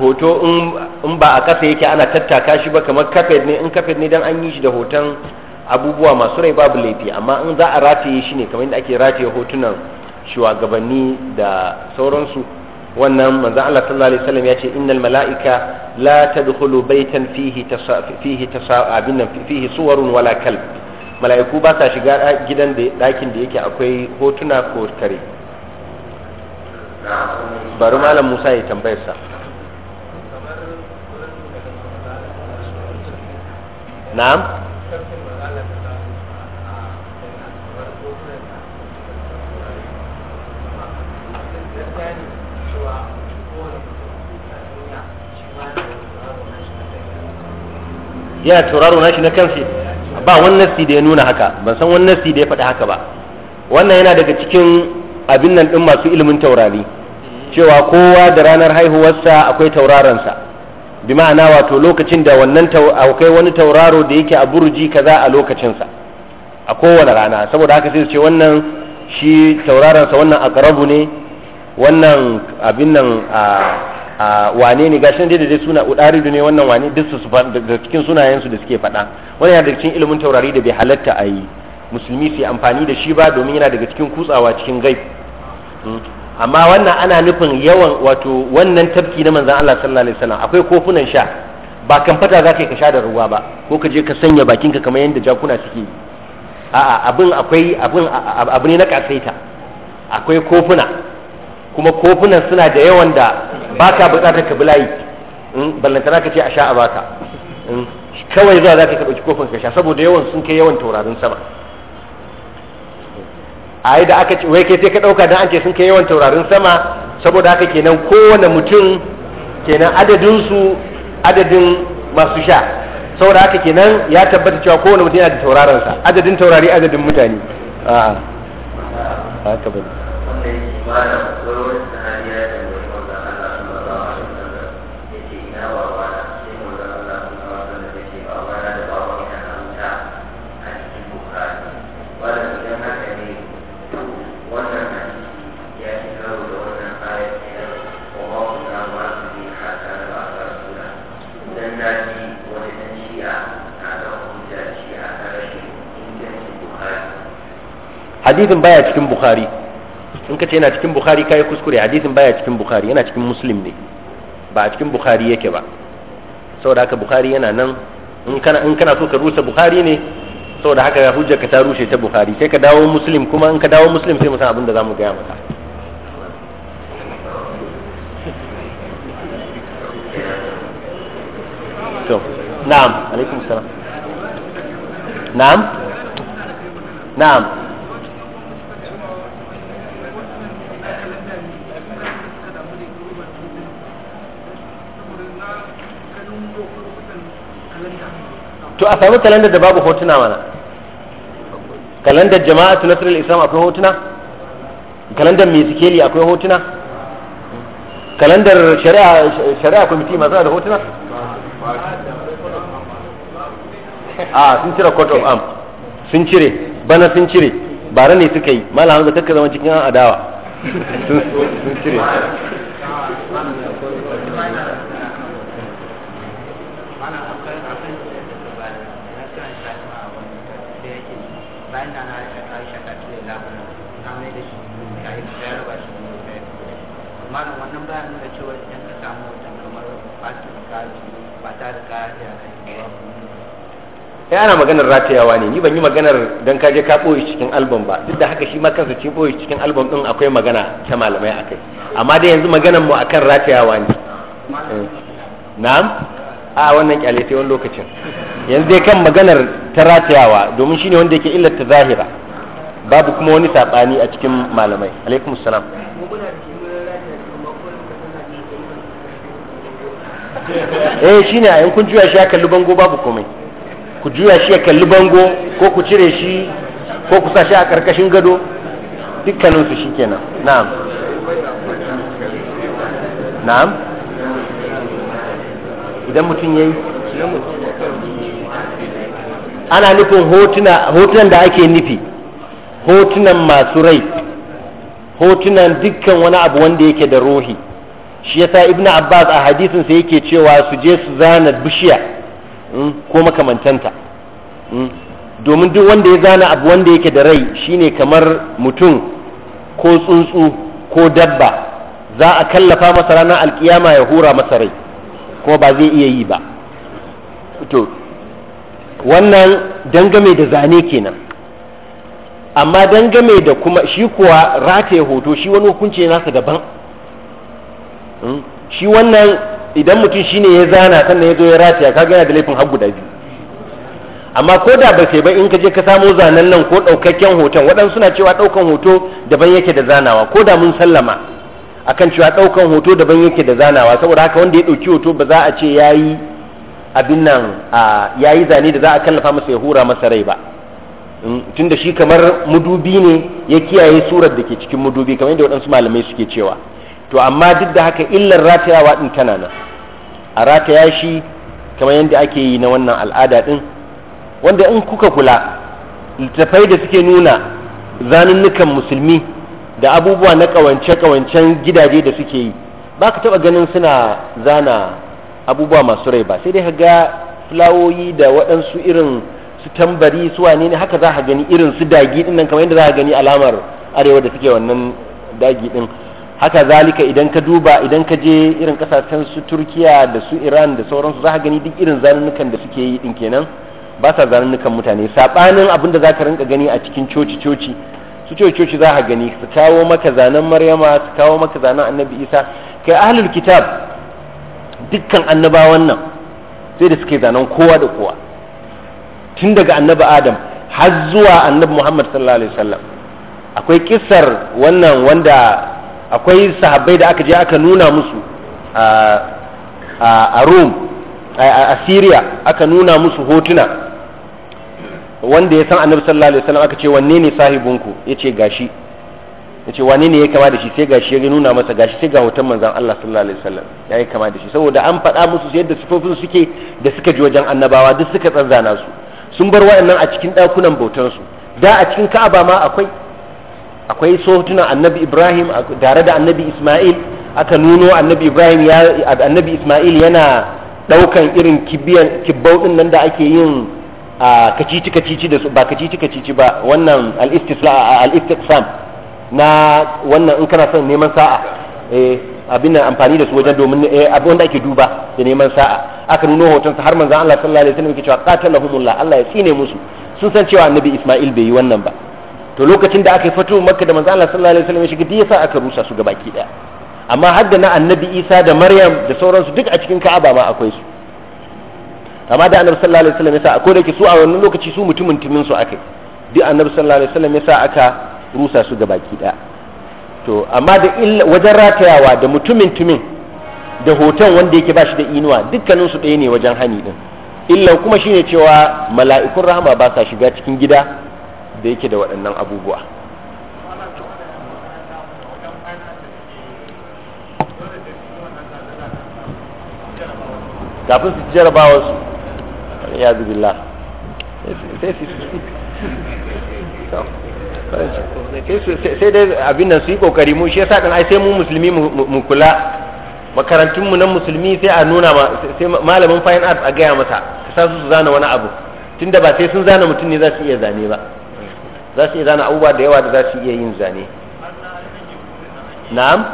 hoto in ba a kafe yake ana tattaka shi ba kamar kafet ne in kafet ne don an yi shi da hoton abubuwa masu rai babu laifi amma in za a rataye shi ne kamar yadda ake rataye hotunan shugabanni da sauransu wannan manzo Allah sallallahu alaihi wasallam ya ce innal mala'ika la tadkhulu baitan fihi fihi abin nan fihi suwarun wala kalb mala'iku ba sa shiga gidan da dakin da yake akwai hotuna ko kare bari malam Musa ya tambayar sa na'am yana tauraro nashi na kansa ba wannan si da ya nuna haka ban san wannan si da ya faɗi haka ba wannan yana daga cikin abin nan ɗin masu ilimin taurari cewa kowa da ranar haihuwarsa akwai tauraronsa bi ma'ana wato lokacin da wannan akwai wani tauraro da yake a burji kaza a lokacinsa a kowane rana saboda haka sai su ce wannan shi tauraronsa wannan akarabu ne wannan abin nan a wane ne gashin da dai suna udari ne wannan wane duk su da cikin sunayensu da suke faɗa wannan yana daga cikin ilimin taurari da bai halatta a yi musulmi su amfani da shi ba domin yana daga cikin kutsawa cikin gaib hmm. amma wannan ana nufin yawan wato wannan tafki na manzan Allah sallallahu alaihi wasallam akwai kofunan sha ba kan fata za ka sha da ruwa ba ko ka je ka sanya bakinka kamar yadda jakuna suke yi a'a abin akwai abin abu ne na kasaita akwai kofuna kuma kofunan suna da yawan da ba ka buƙatar ka bulayi mm, ballantana ka ce a sha a baka mm, kawai zuwa za ka ɗauki kofin ka sha saboda yawan sun kai yawan taurarin sama a yi da aka ce wai kai sai ka ɗauka don an ce sun kai yawan taurarin sama saboda haka kenan kowane mutum kenan adadinsu adadin masu sha saboda haka kenan ya tabbata cewa kowane mutum yana da taurarinsa adadin taurari adadin mutane a'a haka bane malam wani sahabi ya tambayi wanda Allah sallallahu alaihi wasallam ya ce ina baba na sai wanda Allah sallallahu alaihi wasallam ya ce baba na da baba ina na wuta a cikin bukari malam idan haka ne wannan hadisi ya ci karo da wannan ayat ɗin wa ma kunna ma su bi haka na ba a suna dan na ji wani dan shi'a na da hujja shi'a ta rashin ingancin bukari hadisin baya cikin bukari in ka ce yana cikin bukhari kai kuskure hadisin baya cikin bukhari yana cikin muslim ne ba a cikin bukhari yake ba saboda haka bukhari yana nan in kana in kana so ka rusa bukhari ne saboda haka hujjar ka ta rushe ta bukhari sai ka dawo muslim kuma in ka dawo muslim sai mu san abin da zamu gaya maka to na'am alaikum salam na'am na'am to a samu kalandar da babu hotuna mana kalandar jama'a tu nasarar islam akwai hotuna kalandar mai sikeli akwai hotuna kalandar shari'a kwamiti masu da hotuna a sun cire court of arm sun cire bana sun cire bara ne suka yi malamu da kakka zama cikin adawa sun cire ya ana maganar ratayawa ne ni ban yi maganar dan kaje ka boye cikin album ba duk da haka shi ma kansa ci boye cikin album din akwai magana ta malamai akai amma dai yanzu maganar mu akan ratayawa ne eh. na'am a wannan kyale sai wani lokacin yanzu dai kan maganar ta ratayawa domin shine wanda yake illar ta zahira babu kuma wani sabani a cikin malamai alaikum salam eh shine a yankun juya shi ya kalli bango babu komai ku juya shi ya kalli bango ko ku cire shi ko ku sa shi a karkashin gado dukkaninsu shi kenan na'am na'am idan mutum ya yi ana nufin hotunan da ake nufi hotunan masu rai hotunan dukkan wani abu wanda yake da rohi shi yasa ibnu abbas a hadisinsa sa yake cewa su je su zana bishiya Hmm? ko makamantanta hmm? domin duk wanda ya zana abu wanda yake da rai shine kamar mutum ko tsuntsu ko dabba za a kallafa masa ranar alkiyama ya hura masa rai kuma ba zai iya yi ba to wannan dangame da zane kenan amma dangame da kuma shi kuwa rataye hoto shi wani hukunci nasa daban hmm? shi wannan idan mutum shi ne ya zana sannan ya zo ya rataya ka gana da laifin har guda biyu amma ko da ba sai ba in ka je ka samo zanen nan ko ɗaukakken hoton waɗansu suna cewa ɗaukan hoto daban yake da zanawa ko da mun sallama akan cewa ɗaukan hoto daban yake da zanawa saboda haka wanda ya ɗauki hoto ba za a ce ya yayi abin nan yi zane da za a kallafa masa ya hura masa rai ba mm, tunda shi kamar mudubi ne ya kiyaye surar da ke cikin mudubi kamar yadda waɗansu malamai suke cewa to amma duk da haka illar ratayawa din tana nan a rataya shi kamar yadda ake yi na wannan al'ada din wanda in kuka kula littattafai da suke nuna zanunnukan musulmi da abubuwa na kawance-kawancen gidaje da suke yi ba ka taɓa ganin suna zana abubuwa masu rai ba sai dai ga fulawoyi da waɗansu irin su tambari su wane ne haka za ka gani irin su dagi ɗin nan kamar yadda za ka gani alamar arewa da suke wannan dagi ɗin haka zalika idan ka duba idan ka je irin kasashen su turkiya da su iran da sauransu za ka gani duk irin zanunukan da suke yi din kenan ba sa zanunukan mutane sabanin abin da za ka rinka gani a cikin coci coci su coci coci za ka gani su kawo maka zanen maryama su kawo maka zanen annabi isa kai ahlul kitab dukkan annabawan nan sai da suke zanen kowa da kowa tun daga annabi adam har zuwa annabi muhammad sallallahu alaihi wasallam akwai kissar wannan wanda akwai sahabbai da aka je aka nuna musu a rome a syria aka nuna musu hotuna wanda ya san annabi sallallahu alaihi wasallam aka ce wanne ne sahibinku ya ce gashi ya ce wane ne ya kama da shi sai gashi ya nuna masa gashi sai ga hoton manzan Allah sallallahu alaihi wasallam ya yi kama da shi saboda an faɗa musu yadda sifofin suke da suka ji wajen annabawa duk suka tsanzana su sun bar waɗannan a cikin ɗakunan bautansu da a cikin ka'aba ma akwai akwai sohutunan annabi ibrahim tare da annabi ismail aka nuno annabi ibrahim ya annabi ismail yana daukan irin kibiyan kibbau din nan da ake yin a kacici kacici da su ba kacici kacici ba wannan al-istiqsam na wannan in kana son neman sa'a eh abin amfani da su wajen domin eh, abin wanda ake duba da neman sa'a aka nuno sa har manzon Allah sallallahu alaihi wasallam yake cewa qatalahumullah Allah ya tsine musu sun san cewa annabi Isma'il bai yi wannan ba to lokacin da aka yi fatu makka da manzo Allah sallallahu alaihi wasallam ya shiga yasa aka rusa su gabaki daya amma har da na annabi Isa da Maryam da sauransu duk a cikin Ka'aba ma akwai su amma da annabi sallallahu alaihi wasallam yasa a da ke su a wannan lokaci su mutumin timin su aka duk annabi sallallahu alaihi wasallam yasa aka rusa su gabaki daya to amma da wajen ratayawa da mutumin timin da hoton wanda yake bashi da inuwa dukkanin su ɗaya ne wajen hani din illa kuma shine cewa mala'ikun rahama ba sa shiga cikin gida da yake da waɗannan abubuwa kafin su jarabawa su ya zubi sai sai dai abin nan su yi kokari mu shi yasa kan ai sai mu musulmi mu kula makarantun mu na musulmi sai a nuna ma sai malamin fine arts a gaya masa ka sa su zana wani abu tunda ba sai sun zana mutum ne za su iya zane ba za su iya zana abubuwa da yawa da za su iya yin zane na'am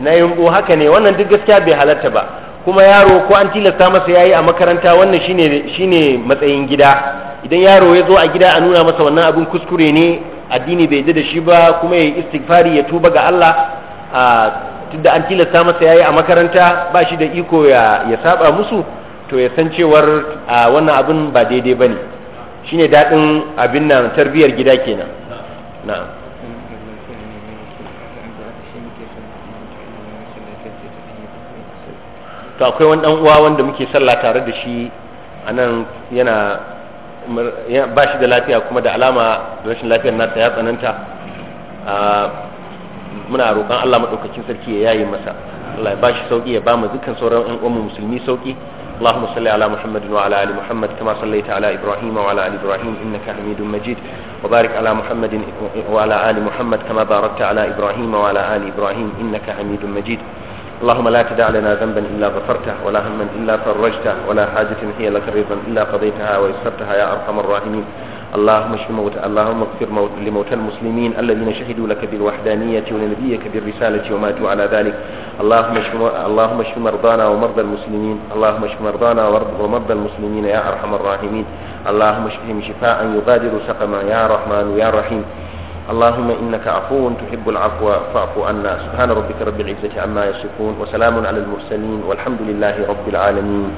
na yumbu haka ne wannan duk gaskiya bai halatta ba kuma yaro ko an tilasta masa yayi a makaranta wannan shine shine matsayin gida idan yaro ya zo a gida a nuna masa wannan abin kuskure ne addini bai da shi ba kuma ya istighfari ya tuba ga Allah a tunda an tilasta masa yayi a makaranta ba shi da iko ya ya saba musu to ya san cewar a wannan abin ba daidai ba ne shine daɗin abin nan tarbiyyar gida kenan na'am to akwai wani dan uwa wanda muke sallah tare da shi a nan yana ba shi da lafiya kuma da alama rashin lafiyar ta ya tsananta muna roƙon Allah maɗaukakin sarki ya yayi masa Allah ya ba shi sauƙi ya ba mu dukkan sauran ƴan uwan musulmi sauƙi اللهم صل على محمد وعلى ال محمد كما صليت على ابراهيم وعلى ال ابراهيم انك حميد مجيد وبارك على محمد وعلى ال محمد كما باركت على ابراهيم وعلى ال ابراهيم انك حميد مجيد اللهم لا تدع لنا ذنبا الا غفرته ولا هما الا فرجته ولا حاجه هي لك رضا الا قضيتها ويسرتها يا ارحم الراحمين اللهم اشف موت اللهم اغفر موت لموتى المسلمين الذين شهدوا لك بالوحدانية ولنبيك بالرسالة وماتوا على ذلك اللهم اشف اللهم اشف مرضانا ومرضى المسلمين اللهم اشف مرضانا ومرضى المسلمين يا أرحم الراحمين اللهم اشفهم شفاء يغادر سقما يا رحمن يا رحيم اللهم إنك عفو تحب العفو فاعف عنا سبحان ربك رب العزة عما يصفون وسلام على المرسلين والحمد لله رب العالمين